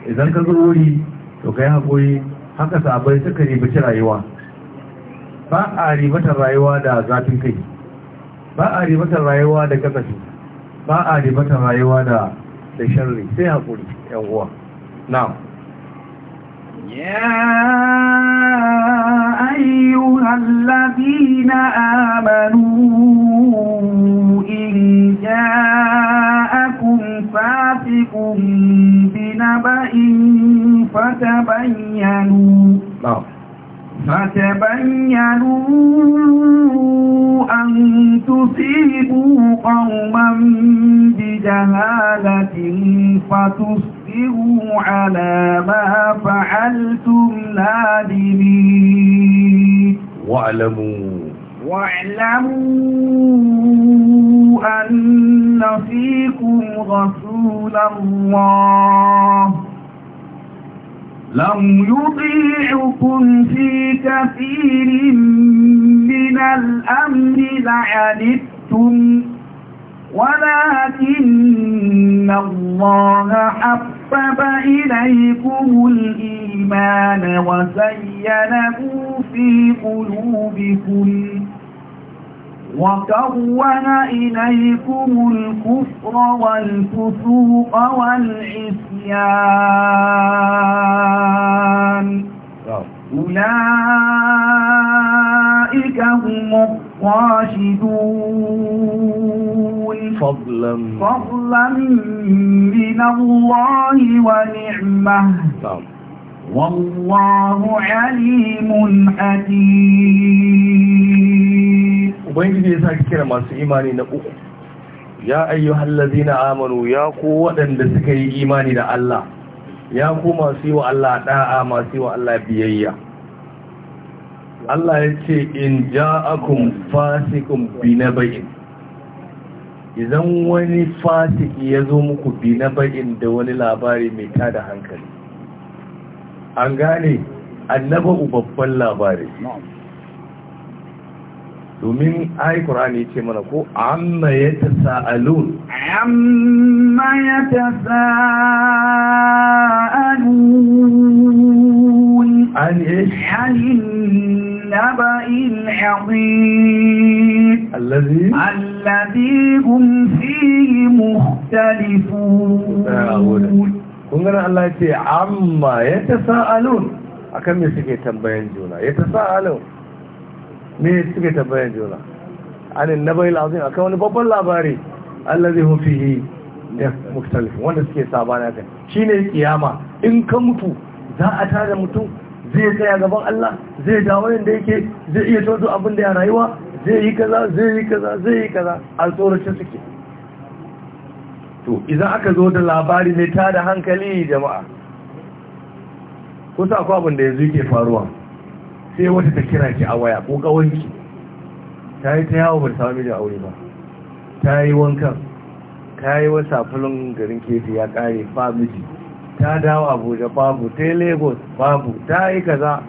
idan ka zo wuri to kai hakuri haka sabai suka ribaci rayuwa ba a ribatar rayuwa da zafin kai ba a ribatar rayuwa da kasafi ba a ribatar rayuwa da da sharri sai hakuri yan uwa نعم يا أيها الذين آمنوا إن جاءكم فاتق بنبأ فتبينوا نعم فتبينوا أن تصيبوا قوما بجهالة فتصبروا على ما فعلتم نادمين واعلموا واعلموا أن فيكم رسول الله لم يطيعكم في كثير من الأمر لعنتم ولكن الله حبب إليكم الإيمان وزينه في قلوبكم وكون إليكم الكفر والفسوق والعصيان أولئك هم الراشدون فضلا فضلا من الله ونعمه نعم. والله عليم حكيم ubangiji ya saki kira masu imani na uku ya ayyuhal ladzina amanu ya ku waɗanda suka yi imani da Allah ya ku masu yi wa Allah da'a masu yi wa Allah biyayya Allah ya ce in ja'akum fasikum binaba'in idan wani fasiki ya zo muku binaba'in da wani labari mai tada hankali an gane annaba babban labari domin ayi qur'ani ce mana ko amma yatasaalun amma yatasaalun an ish النبأ العظيم الذي الذي هم فيه مختلفون kun gana Allah ce amma ya ta sa'alun kan me suke tambayan juna ya ta sa'alun me suke tambayan juna anin nabai A akan wani babban labari allazi yi fihi muktalif wanda suke sabana Shi ne kiyama in ka mutu za a tada mutum zai tsaya gaban Allah zai dawo yanda yake zai iya tozo abin da ya rayuwa zai yi kaza zai yi kaza zai yi kaza a tsorace suke to idan aka zo da labari mai tada hankali jama'a kusa akwai abin da yanzu yake faruwa sai wata ta kira ki a waya ko kawanki ta yi ta yawo ba sami mijin aure ba ta yi wankan ta yi wasa filin garin kefi ya kare ba miji ta dawo abuja babu ta yi lagos babu ta yi kaza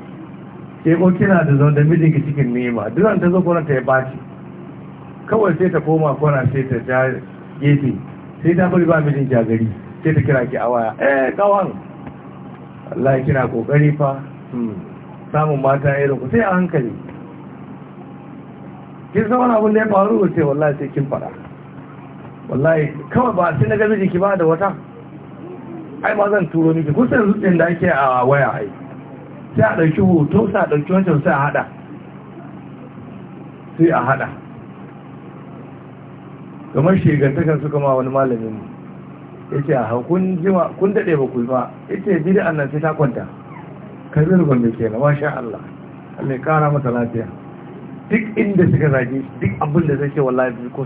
ke ko kina da zaune da mijinki cikin nema duran ta zo kona ta ya baci kawai sai ta koma kona sai ta ja gefe sai ta bari ba mijin a gari sai ta kira ki a waya eh kawan Allah kina kokari fa hmm. samun mata irin ku sai a hankali kin san wani abin da ya faru ce wallahi sai kin fara wallahi kawai ba sai na ga miji ki ba da wata ai ma zan turo miki kusa yanzu din da ake a waya ai sai a ɗauki hoto sai a ɗauki wancan sai a haɗa sai a haɗa kamar shigantakar suka ma wani malamin mu ce a kun jima kun daɗe ba ku yi ba yace bid'an nan sai ta kwanta kabir da ke na washe Allah mai kara masa lafiya duk inda suka zage duk abin da zai ce wallahi bi ko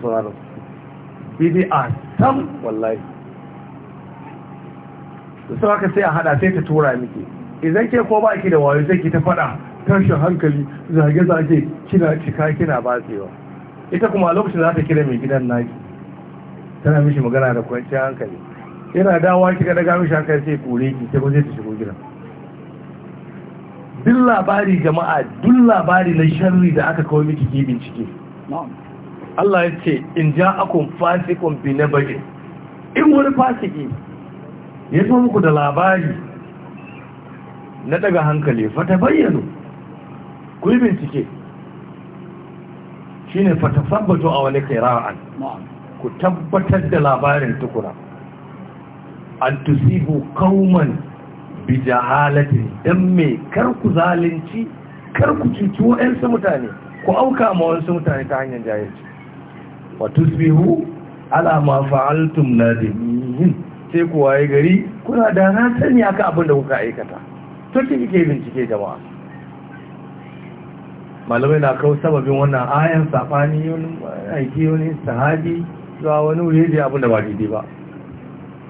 bi bi a sam wallahi Su sa ka sai a hada sai ta tura miki idan ke ko ba ki da wayo sai ki ta fada tashin hankali zage-zage kina cika kina batsewa ita kuma a lokacin za ta kira mai gidan naki tana mishi magana da kwanciyar hankali yana dawa kika daga mishi hankali sai kore ki sai kuma zai ta shigo gidan duk labari jama'a duk labari na sharri da aka kawo miki ke bincike Allah ya ce in ja akun fasikun bi na in wani fasiki ya zo muku da labari na daga hankali fata bayyano ku yi bincike shi ne fata sabbato a wani ra'an, ku tabbatar da labarin tukura an tusibu kauman bi jahalatin dan me kar ku zalunci kar ku cuci wa'ansu mutane ku auka ma wasu mutane ta hanyar jahilci wa tusbihu ala ma fa'altum nadimin sai ku waye gari kuna da na sani aka abin da kuka aikata to ki kike bincike jama'a malamai na kawo sababin wannan ayan safani wani aiki wani sahabi zuwa wani wuri da abin da ba daidai ba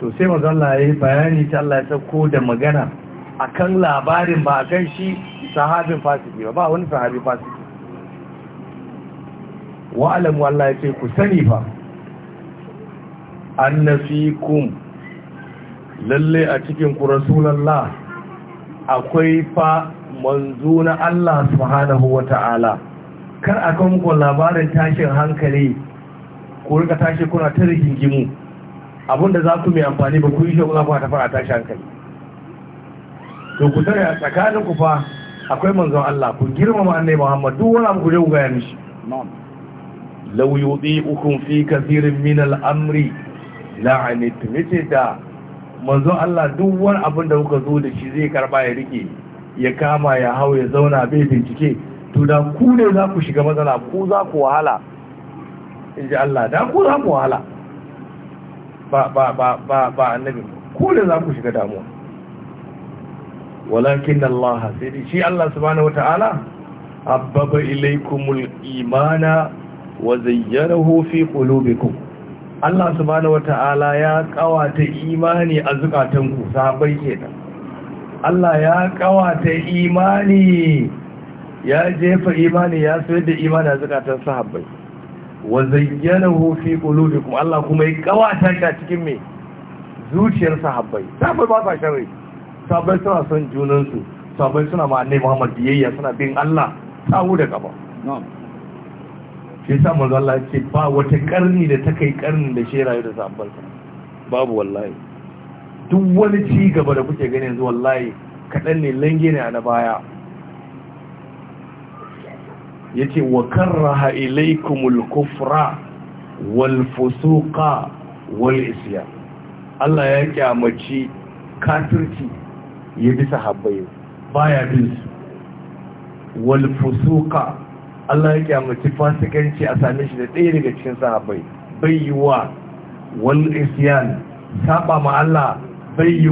to sai mazalla ya yi bayani ta Allah ya sauko da magana a kan labarin ba a kan shi sahabin fasiki ba ba wani sahabi fasiki wa'alamu Allah ya ce ku sani fa an na fi kun lalle a cikin ku rasulallah akwai fa manzo na Allah subhanahu wa ta'ala kar a kan ku labarin tashin hankali ku rika tashi kuna ta rigingimu abinda da za ku mai amfani ba ku yi shi ku fata fara tashi hankali to ku tare a tsakanin ku fa akwai manzon Allah ku girmama annabi Muhammad duk wani abu ku je ku gaya mishi law yudhi'ukum fi kathirin min al-amri la'anitum mitida da manzon Allah duk wani abin da kuka zo da shi zai karba ya rike ya kama ya hau ya zauna bai bincike to da ku ne za ku shiga matsala ku za ku wahala in ji Allah da ku za ku wahala ba ba ba ba ba annabi ko da za ku shiga damuwa walakin Allah sai shi Allah subhanahu wataala abbaba ilaykumul imana wa zayyarahu fi qulubikum Allah subhanahu wataala ya kawata imani a zukatanku ke kenan Allah ya kawata imani ya jefa imani ya sayar da imani a zukatan sahabbai wa zayyanahu fi qulubikum Allah kuma ya kawata shi a cikin me zuciyar sahabbai sahabbai ba sa sharri sahabbai suna son junan su sahabbai suna ma annabi Muhammad biyayya suna bin Allah tawo da gaba shi sa manzo Allah ce ba wata karni da takai karni karnin da shi rayu da sahabbai babu wallahi duk wani ci gaba da kuke gani yanzu wallahi kadan ne lange ne a na baya yace wa karraha ilaikumul kufra wal fusuqa wal isya Allah ya kyamaci kafirci ya bi sahabbai baya bin su wal fusuqa Allah ya kyamaci fasikanci a same shi da ɗaya daga cikin sahabbai bai wal isyan saba ma Allah bai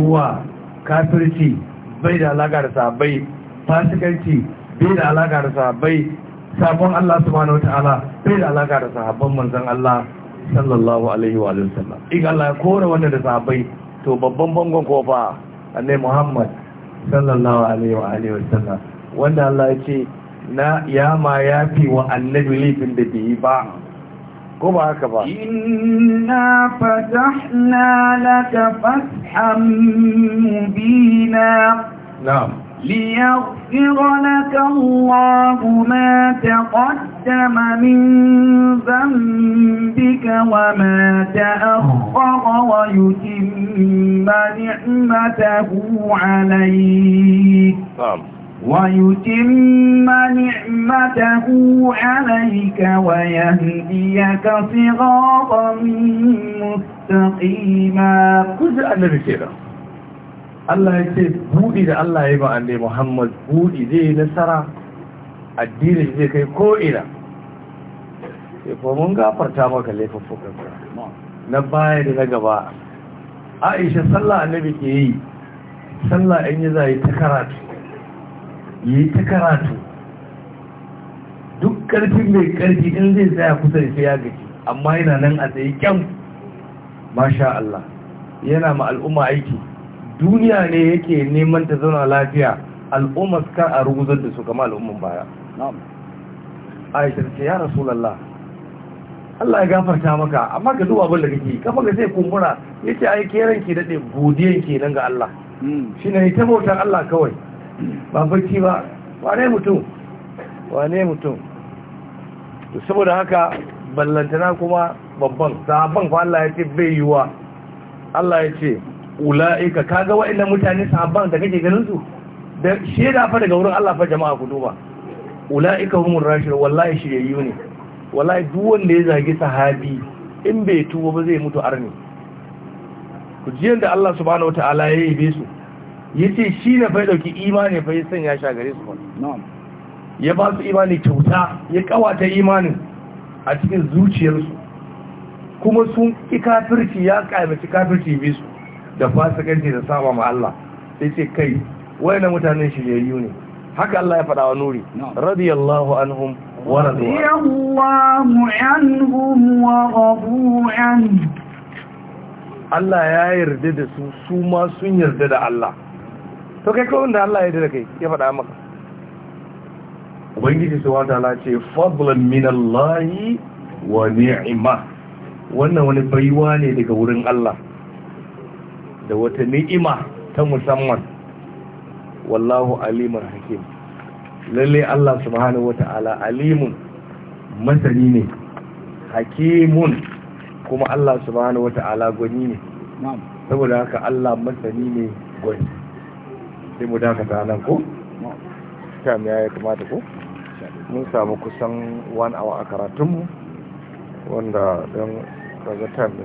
kafirci bai da alaka da sahabbai fasikanci bai da alaka da sahabbai sabon Allah subhanahu wataala bai da alaka da sahabban manzon Allah sallallahu alaihi wa sallam in Allah ya kore wannan da sahabbai to babban bangon ko ba, annabi Muhammad sallallahu alaihi wa alihi sallam. wanda Allah ya ce na ya ma yafi wa annabi lifin da bai ba ko ba haka ba inna fatahna laka fathan mubina na'am ليغفر لك الله ما تقدم من ذنبك وما تأخر ويتم نعمته عليك نعم. ويتم نعمته عليك ويهديك صراطا مستقيما خذ النبي كذا Allah ya ce buɗi da Allah ya ba annai Muhammad buɗi zai nasara addinin zai kai ko'ina ya mun gafarta maka laifuffukanka na baya da na gaba aisha sallah annabi ke yi sallah in yi za yi ta karatu yi ta karatu duk ƙarfin mai ƙarfi in zai tsaya kusa da sai ya gaji amma yana nan a tsaye kyan masha Allah yana ma al'umma aiki duniya ne yake neman ta zauna lafiya al'umma kar a ruguzar da su kama al'umman baya aisha ce ya rasulallah Allah ya gafarta maka amma ka duba abin da kake kafa ka sai kumbura yace ai keran ki dade godiyan ki nan ga Allah hmm. shine ta bautan Allah kawai ba bacci ba wane mutum wane mutum to saboda haka ballantana kuma babban Sabon fa Allah ya ce bai yiwa Allah ya ce ula'ika kaga wa'annan mutane sahabban da kake ganin su da da fa daga wurin Allah fa jama'a ku duba ula'ika humur rashid wallahi shiryayyu ne wallahi duk wanda ya zagi sahabi in bai tuba ba zai mutu arni ku ji yanda Allah subhanahu wataala ya yi su yace shi na fa dauki imani fa ya sanya shi gare su ya ba su imani kyauta ya kawata imanin a cikin zuciyarsu kuma sun ki kafirci ya kaimaci kafirci bisu da fasikanci da saba ma Allah sai ce kai Wai na mutanen shiryayyu ne haka Allah ya faɗa wa nuri radiyallahu anhum wa radiyallahu anhum wa radu an Allah ya yarda da su su ma sun yarda da Allah to kai kawai da Allah ya yarda kai ya faɗa maka ubangiji su wata Allah ce fadlan min Allah wa ni'ima wannan wani baiwa ne daga wurin Allah da wata ni'ima ta musamman wallahu alimun hakim lalle Allah subhanahu wata'ala alimun masani ne hakimun kuma Allah subhanahu wata'ala gwani ne saboda haka Allah masani ne gwani sai mu dakata nan ko kam ya kamata ko mun samu kusan 1 hour a karatunmu wanda don kaga time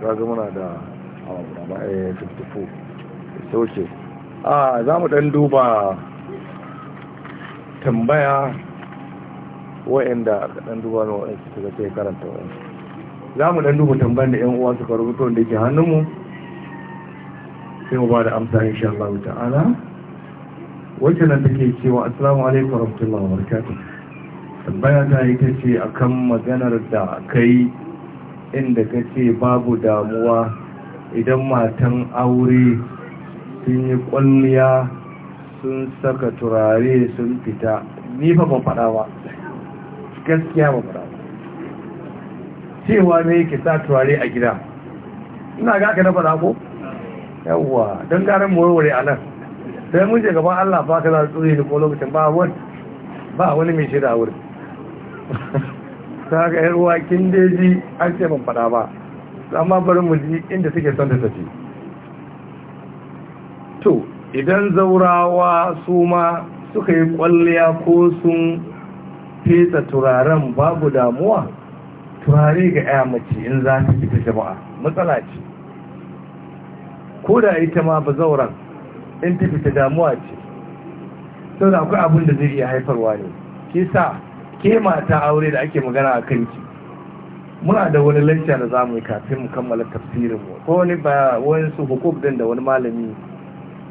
kaga muna da a 54 soke a za mu dan duba tambaya wa'anda dan duba na wa'anda suka zafi karanta wa'anda za mu dan duba tambayan da yan uwa suka rubuta wanda ke hannunmu sai mu ba da amsa insha Allah ta'ala wacce nan take cewa assalamu alaikum warahmatullahi wabarakatuh tambaya ta yi ta ce akan maganar da kai inda ka ce babu damuwa idan matan aure sun yi kwalliya sun saka turare sun fita ni fa ba faɗa ba gaskiya ba faɗa ba cewa ne ke sa turare a gida ina ga aka dafa faɗa ko yawwa don garin warware a nan sai mun je gaban Allah ba ka za su tsuri ni ko lokacin ba wani mai shida wurin ta haka yar ruwa kin ji an ce ban faɗa ba amma bari mu ji inda suke son da tafi to idan zaurawa su ma suka yi kwalliya ko sun fesa turaren babu damuwa turare ga ya mace in za ta fita jama'a matsala ce ko da ita ma ba zauren in ta fita damuwa ce sau da akwai abin da zai iya haifarwa ne kisa ke mata aure da ake magana a kanki muna da wani lanta da za mu yi kafin mu kammala tafsirin mu ko wani ba wani su hukuk din da wani malami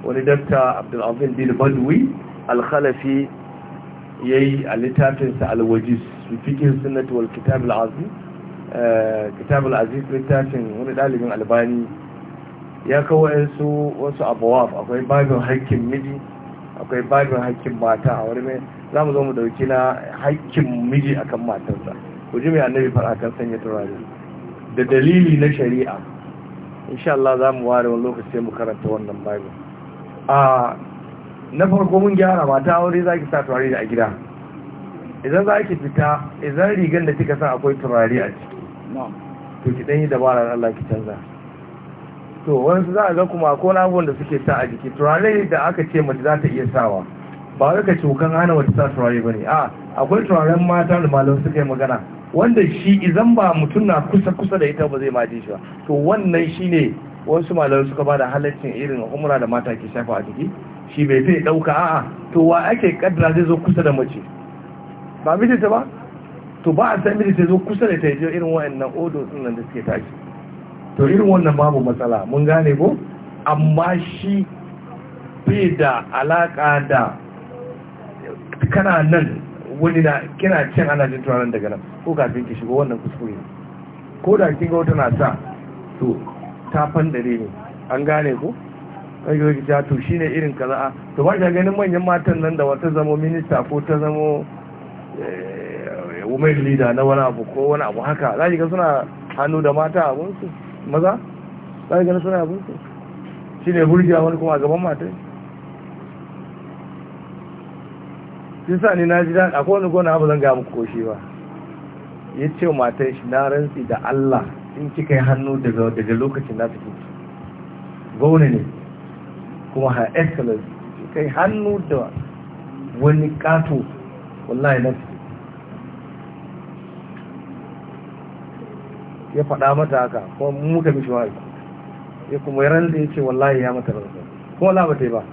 wani dakta azim bin badwi al-khalafi yayi a littafinsa al-wajiz fi fikin sunnati wal kitab al-azim eh, kitab al-aziz littafin wani dalibin albani ya kawo wasu wasu abawaf akwai babin hakkin miji akwai babin hakkin mata a wani za mu zo mu dauki na haƙƙin miji akan matarsa ku ji mai annabi fara kan sanya turare da dalili na shari'a insha Allah za mu ware wani lokaci sai mu karanta wannan bible a na farko mun gyara mata aure za ki sa turare a gida idan za ki fita idan rigan da kika sa akwai turare a ciki to ki danyi yi da Allah ki canza to wani za a ga kuma ko na abubuwan da suke sa a jiki turare da aka ce mace za ta iya sawa ba wai ka cokan hana wata sa turare ba ne a akwai turaren mata da malam suka yi magana wanda shi idan ba mutum na kusa kusa da ita ba zai maji shi ba to wannan shi ne wasu malon suka ba da halaccin irin umra da mata ke shafa a jiki shi bai fi ɗauka a'a to wa ake kaddara zai zo kusa da mace ba mijinta ba to ba a san ta zo kusa da ta yi irin wa'annan odo din nan da suke tashi to irin wannan babu matsala mun gane ko amma shi bai da alaka da kana nan wani na kina can ana jin tunanin daga nan ko kafin ki shigo wannan kuskure ko da kin ga wata na sa to ta fandare ne an gane ko kai ga ki to shine irin kaza to ba ka ganin manyan matan nan da wata zamo minista ko ta zamo eh, women leader na wani abu ko wani abu haka za ga suna hannu da mata abun su maza za ga suna abun su shine burgewa wani kuma a gaban matan sun sa ni na ji daɗi akwai wani gona ba zan ga muku koshi ba ya ce matan shi na rantsi da Allah in kika yi hannu daga daga lokacin na fi gona ne kuma ha excellence kai hannu da wani kato wallahi na ya faɗa mata haka kuma muka mishi wa ya kuma ya rantsi ya ce wallahi ya mata rantsi kuma labata ba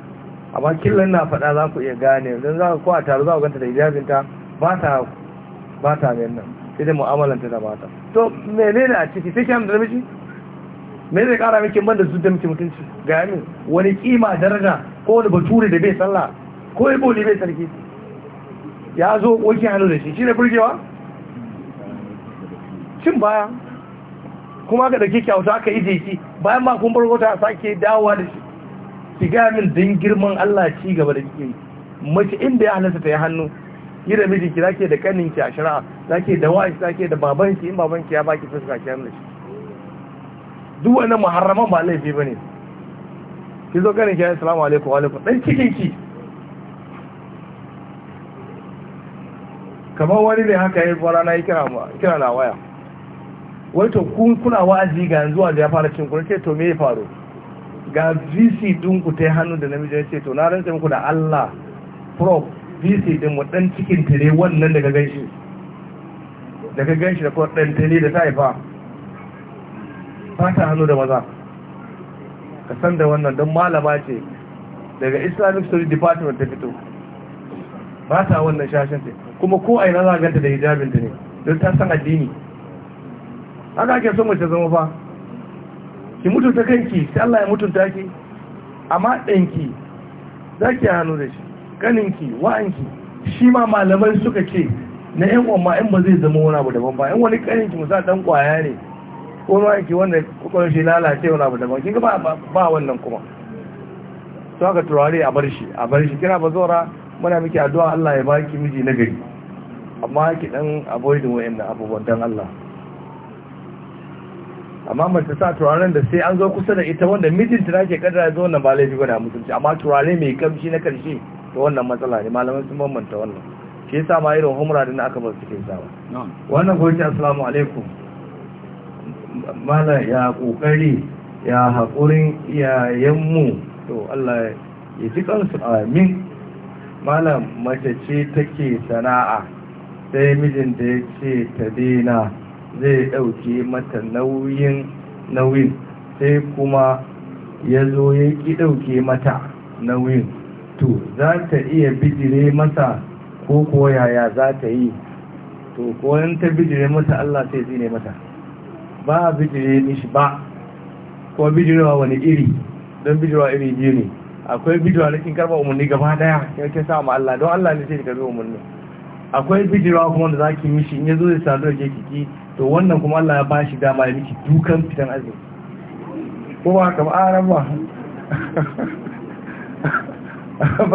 amma killan na faɗa za ku iya gane don za ku a taro za ku ganta da hijabinta ba ta ba ta nan sai dai mu'amalanta da mata to menene a ciki sai kyan da namiji me zai kara miki ban da su da miki mutunci ga yamin wani kima daraja ko wani bature da bai sallah ko ya boli bai sarki ya zo wakil hannu da shi shi ne burgewa cin baya kuma ga da kyakkyawa kyauta aka ije shi bayan ma kun bar wata sake dawowa da shi ki min din girman Allah ci gaba da kike mace inda ya halasta ta yi hannu ki da miji ki zake da kanin ki a shari'a zake da wani zake da baban ki in baban ki ya baki fuska ki hannu duk wannan muharraman ba laifi bane ki zo kanin ki assalamu alaikum wa alaikum dan cikin ki kamar wani ne haka yi fara na yi kira na waya wai to kun kuna wa'azi ga yanzu wanda ya fara cin kuna ce to me ya faru ga vc ku ta hannu da namijin ce to na rantsa muku da allah prop vc din mu dan cikin tare wannan daga ganshi daga ganshi da kuma dan tare da ta'ifa. fata hannu da maza ka san da wannan don malama ce daga islamic study department ta fito ba ta wannan shashin ce kuma ko aina za ganta da hijabinta ne don ta san addini haka ake son mace zama fa ki mutunta kanki sai Allah ya mutunta ki amma ɗanki za ki hannu da shi ganinki wa'anki shi ma malamai suka ce na yan uwan in ba zai zama wani abu daban ba in wani ƙarinki musa dan ƙwaya ne ko ki wanda kokon shi lalace wani abu daban kinga ba wannan kuma to haka turare a bar shi a bar shi kira ba zora muna miki addu'a Allah ya baki miji na gari amma ki dan avoidin wayannan abubuwan dan Allah amma mace sa turaren da sai an zo kusa da ita wanda mijinta na ke kadara zo wannan ba laifi bane a musulunci amma turare mai kamshi na karshe to wannan matsala ne malaman sun bambanta wannan shi yasa ma irin humra din aka bar suke sawa wannan gobe assalamu alaikum mala ya kokari ya hakurin iyayenmu to Allah ya ji kansu amin malam mace ce take sana'a sai mijinta ya ce ta dina. zai ɗauke mata nauyin nauyin sai kuma ya zo ya ƙi ɗauke mata nauyin to za ta iya bijire masa ko kuwa yaya za ta yi to koyon ta bijire mata Allah sai zine mata ba a bijire mishi ba ko bijirewa wani iri don bijirewa iri biyu ne akwai bijirewa na kin karba umarni gaba daya yake sa ma Allah don Allah ne sai ka karbi umarni akwai fitirwa kuma da zaki mishi in yazo da sadu da ke kiki to wannan kuma Allah ya ba shi dama ya miki dukan fitan azumi ko ba ka ba araba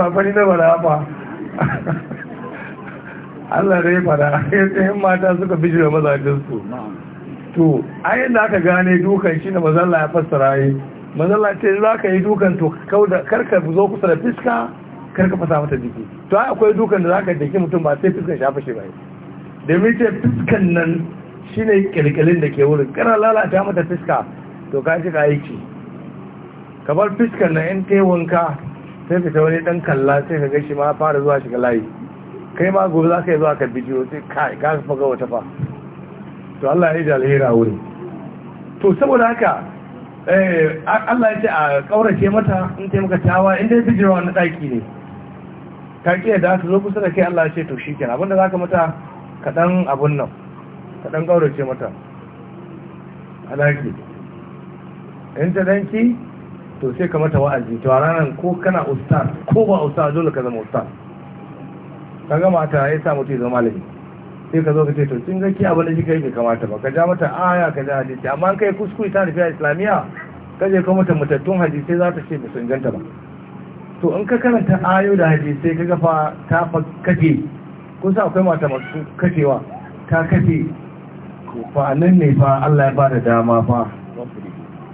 ba ni na bara ba Allah ya fara yayin mata suka maza mazajin su to ayin da aka gane dukan shi da mazalla ya fassara yi mazalla ce za ka yi dukan to kar ka zo kusa da fiska kar ka fasa mata jiki to ai akwai dukan da zaka dake mutum ba sai fiskan shafa shi ba da domin ce fiskan nan shine kirkirin da ke wurin kana lalata mata fiska to ka ji ka aiki ka bar fiskan nan in kai wanka sai fita wani dan kalla sai ka ga ma fara zuwa shiga layi kai ma gobe za ka yi zuwa ka bidiyo sai kai ka fa ga wata fa to Allah ya ji alheri a wurin to saboda haka eh, Allah ya ce a ƙaurace mata in taimaka tawa inda ya fi jirawa na ɗaki ne ka kiyar da aka zo kusa da kai Allah ce to shi kenan abinda za ka mata kaɗan abun nan kaɗan gaurace mata alaƙi in ta danki to sai ka mata wa'azi to ranar ko kana ustaz ko ba ustaz dole ka zama ustaz ka ga mata ya sa mutu zama malami sai ka zo ka ce to kin ga ki abin da kika yi bai kamata ba ka ja mata aya ka ja hadisi amma kai kuskure ta a islamiyya ka je ka mata matattun hadisi za ta ce bai su inganta ba to in ka karanta ayo da sai ka gafa ta kace kun akwai mata masu kacewa ta kace fa nan ne fa Allah ya bada dama fa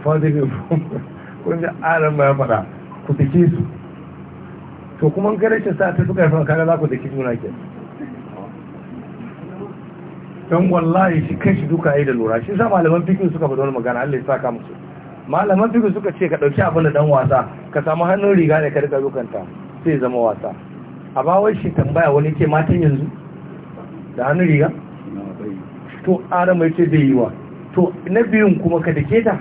fa ne kun ga aran ba ya fada ku take su to kuma in ka rashin sa ta suka fa kaga za ku take juna ke dan wallahi shi kashi shi duka yi da lura shi sa malaman fikin suka faɗa wani magana Allah ya saka musu malaman fiƙi suka ce ka ɗauki abin da ɗan wasa ka samu hannun riga ne ka rika dukanta sai zama wasa a bawai shi tambaya wani ke matan yanzu da hannun riga to ara mai ce zai yi wa to na biyun kuma ka dake ta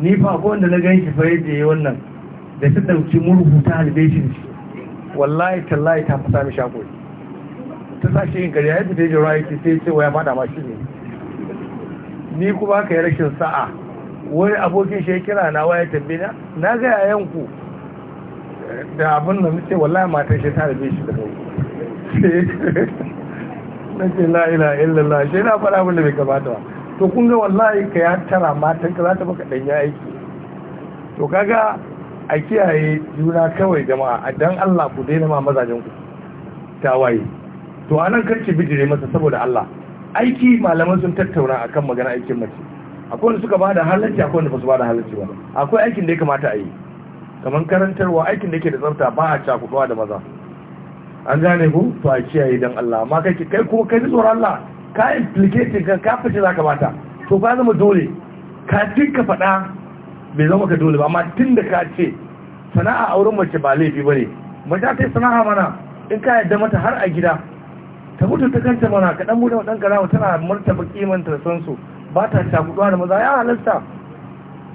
ni fa ko wanda na gan shi fa yadda yi wannan da ta ɗauki murhu ta halibeshin shi wallahi tallahi ta fasa mi shakuri ta sa shi yin gariya ya fita yi jira sai ce wa ya fada ma shi ne ni kuma ka yi rashin sa'a wani abokin shi ya kira na waya tambina na ga yayanku da abin da muke, wallahi matar shi ta rabe shi da kai na ce la ila illallah shi na fara abin da bai kamata ba to kun ga wallahi ka ya tara matan ka za ta baka danya aiki to kaga a kiyaye juna kawai jama'a a dan Allah ku daina ma mazajen ku tawaye to anan karki bijire masa saboda Allah aiki malaman sun tattauna akan magana aikin mace akwai wanda suka ba da halarci akwai wanda ba su ba da halarci ba akwai aikin da ya kamata a yi kamar karantarwa aikin da ke da tsafta ba a cakuduwa da maza an gane ku to a kiyaye don Allah amma kai kai kuma kai tsoron Allah ka implicate ka ka fice zaka bata to ba zama dole ka tinka faɗa bai zama ka dole ba amma tun da ka ce sana'a auren mace ba laifi bane mace ta yi sana'a mana in ka yadda mata har a gida ta mutu ta kanta mana ka dan mu da tana martaba kimanta da san ba ta shakuduwa da maza ya halasta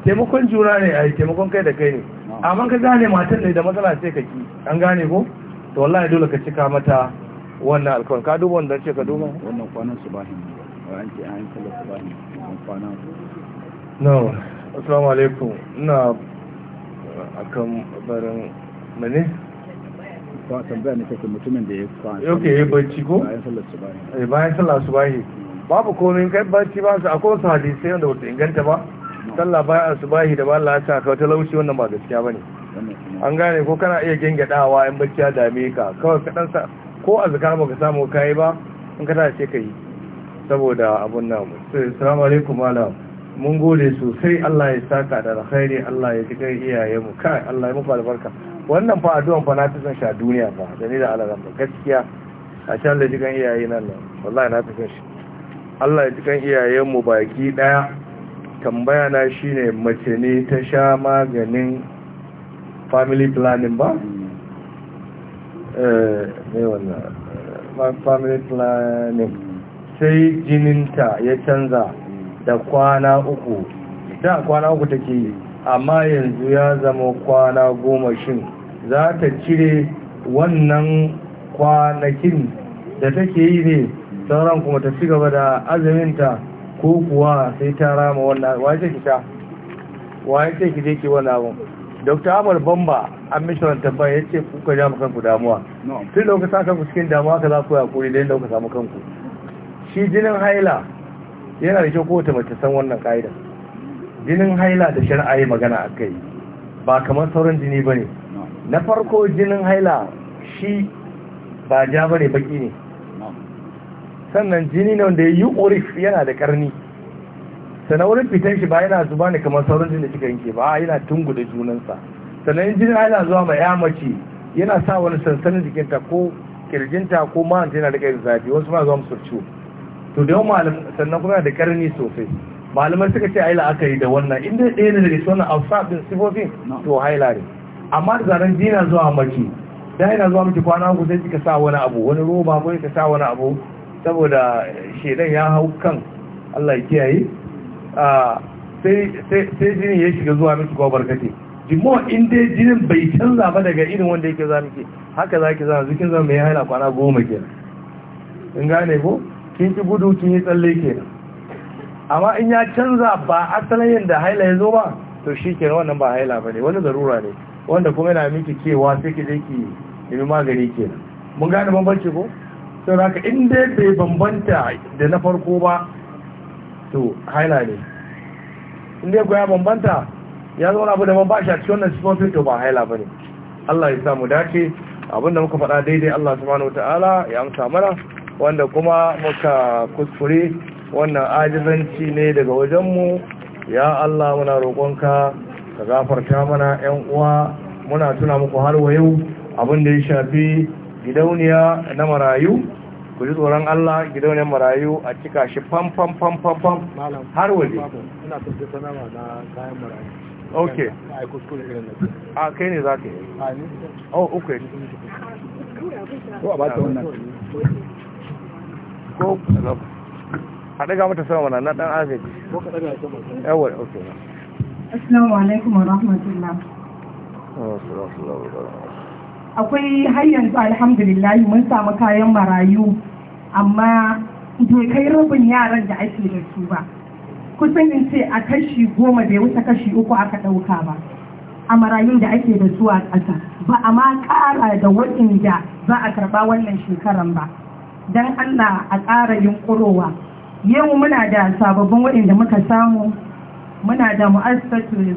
taimakon juna ne a taimakon kai da kai ne amma ka gane matan ne da matsala sai ka ki an gane ko to wallahi dole ka cika mata wannan alkawarin ka duba wanda ce ka duba wannan kwanan su bahin an ce an kala su bahin an kwana no assalamu alaikum ina akan barin mene ba tambaya ne kake mutumin da ya kwana yau ke yi bacci ko bayan sallar subahi eh, bayan sallar subahi babu komin kai barci ba su akwai wasu hadisai wanda wata inganta ba sallah su bahi da ba Allah ya ka wata laushi wannan ba gaskiya bane an gane ko kana iya gengadawa in barci ya dame ka kawai ka dan sa ko azkar ka samu kai ba in ka tashi kai saboda abun nan assalamu alaikum malam mun gode sosai Allah ya saka da alkhairi Allah ya tuka iyaye mu kai Allah ya muku albarka wannan fa addu'an fa na ta san sha duniya fa da ni da Allah gaskiya a can da tuka iyaye nan wallahi na san shi Allah ya cikin iyayenmu baki ɗaya tambaya na shine mace ne ta sha maganin family planning ba? Eh, wannan family planning sai jininta ya canza da kwana uku da kwana uku take yi amma yanzu ya zama kwana goma shin za ta cire wannan kwanakin da take yi ne sauran kuma ta ci gaba da azaminta ko kuwa sai ta rama wannan waye ce ki sha waye ce ki je wannan abun dr amur bamba an mishiran tabbai ya ce kuka ja mu kanku damuwa tun da kuka sa kanku cikin damuwa ka za ku yakuri da yadda kuka samu kanku shi jinin haila yana da kyau kowace mace san wannan ka'ida jinin haila da shari'a yi magana a kai ba kamar sauran jini ba ne na farko jinin haila shi ba ja ba ne baki ne sannan jini ne wanda ya yi orif yana da karni sannan wurin fitan shi ba yana zuba ne kamar sauran jini da kika yanke ba yana tungu da junansa sannan jini yana zuwa mai yamaci mace yana sa wani sansanin jikinta ko kirjinta ko mahanta yana da kai zafi wasu ma zuwa musu ciwo to da yawan malam sannan kuma da karni sosai malamai suka ce aka yi da wannan inda ɗaya ne daga cikin alfabin sifofin to haila ne amma da zaren jina zuwa mace da yana zuwa miki kwana uku sai kika sa wani abu wani roba ko kika sa wani abu saboda shedan ya hau kan Allah ya kiyaye sai jinin ya shiga zuwa miki ko barkati jimo in dai jinin bai canza ba daga irin wanda yake za miki haka za ki zama zikin zama mai haila kwana goma kenan in gane ko kin ki gudu kin yi tsalle kenan amma in ya canza ba asalin yadda haila ya zo ba to shi kenan wannan ba haila ba ne wani zarura ne wanda kuma yana miki cewa sai ki je ki nemi magani kenan mun gane bambanci ko sau da in dai bai bambanta da na farko ba to haila ne inda ya bambanta ya zauna abu da man ba shi a cikin wannan sifofin to ba haila ba ne Allah ya samu dace abinda muka faɗa daidai Allah subhanahu ta'ala ya amsa mana wanda kuma muka kuskure wannan ajizanci ne daga wajenmu ya Allah muna roƙonka ka gafarta mana 'yan uwa muna tuna muku har wa yau abinda ya shafi gidauniya na marayu ku ji tsoron Allah gidauniyar marayu a cika shi fam fam fam fam fam har waje ina tafiye sanarwa na kayan marayu ok a kai ne za ka yi oh ok ko a ta wannan ko a daga mata sama wannan na dan agaji ko ka daga sama yawa ok assalamu alaikum wa rahmatullah wa rahmatullah akwai har yanzu alhamdulillah mun samu kayan marayu amma bai kai rabin yaran da ake da su ba kusan in ce a kashi goma bai wuce kashi uku aka ɗauka ba a marayun da ake da su a ƙasa ba a ma ƙara da waɗanda za a karɓa wannan shekaran ba don allah a ƙara yunƙurowa yau muna da sababbin waɗanda muka samu muna da mu'assatul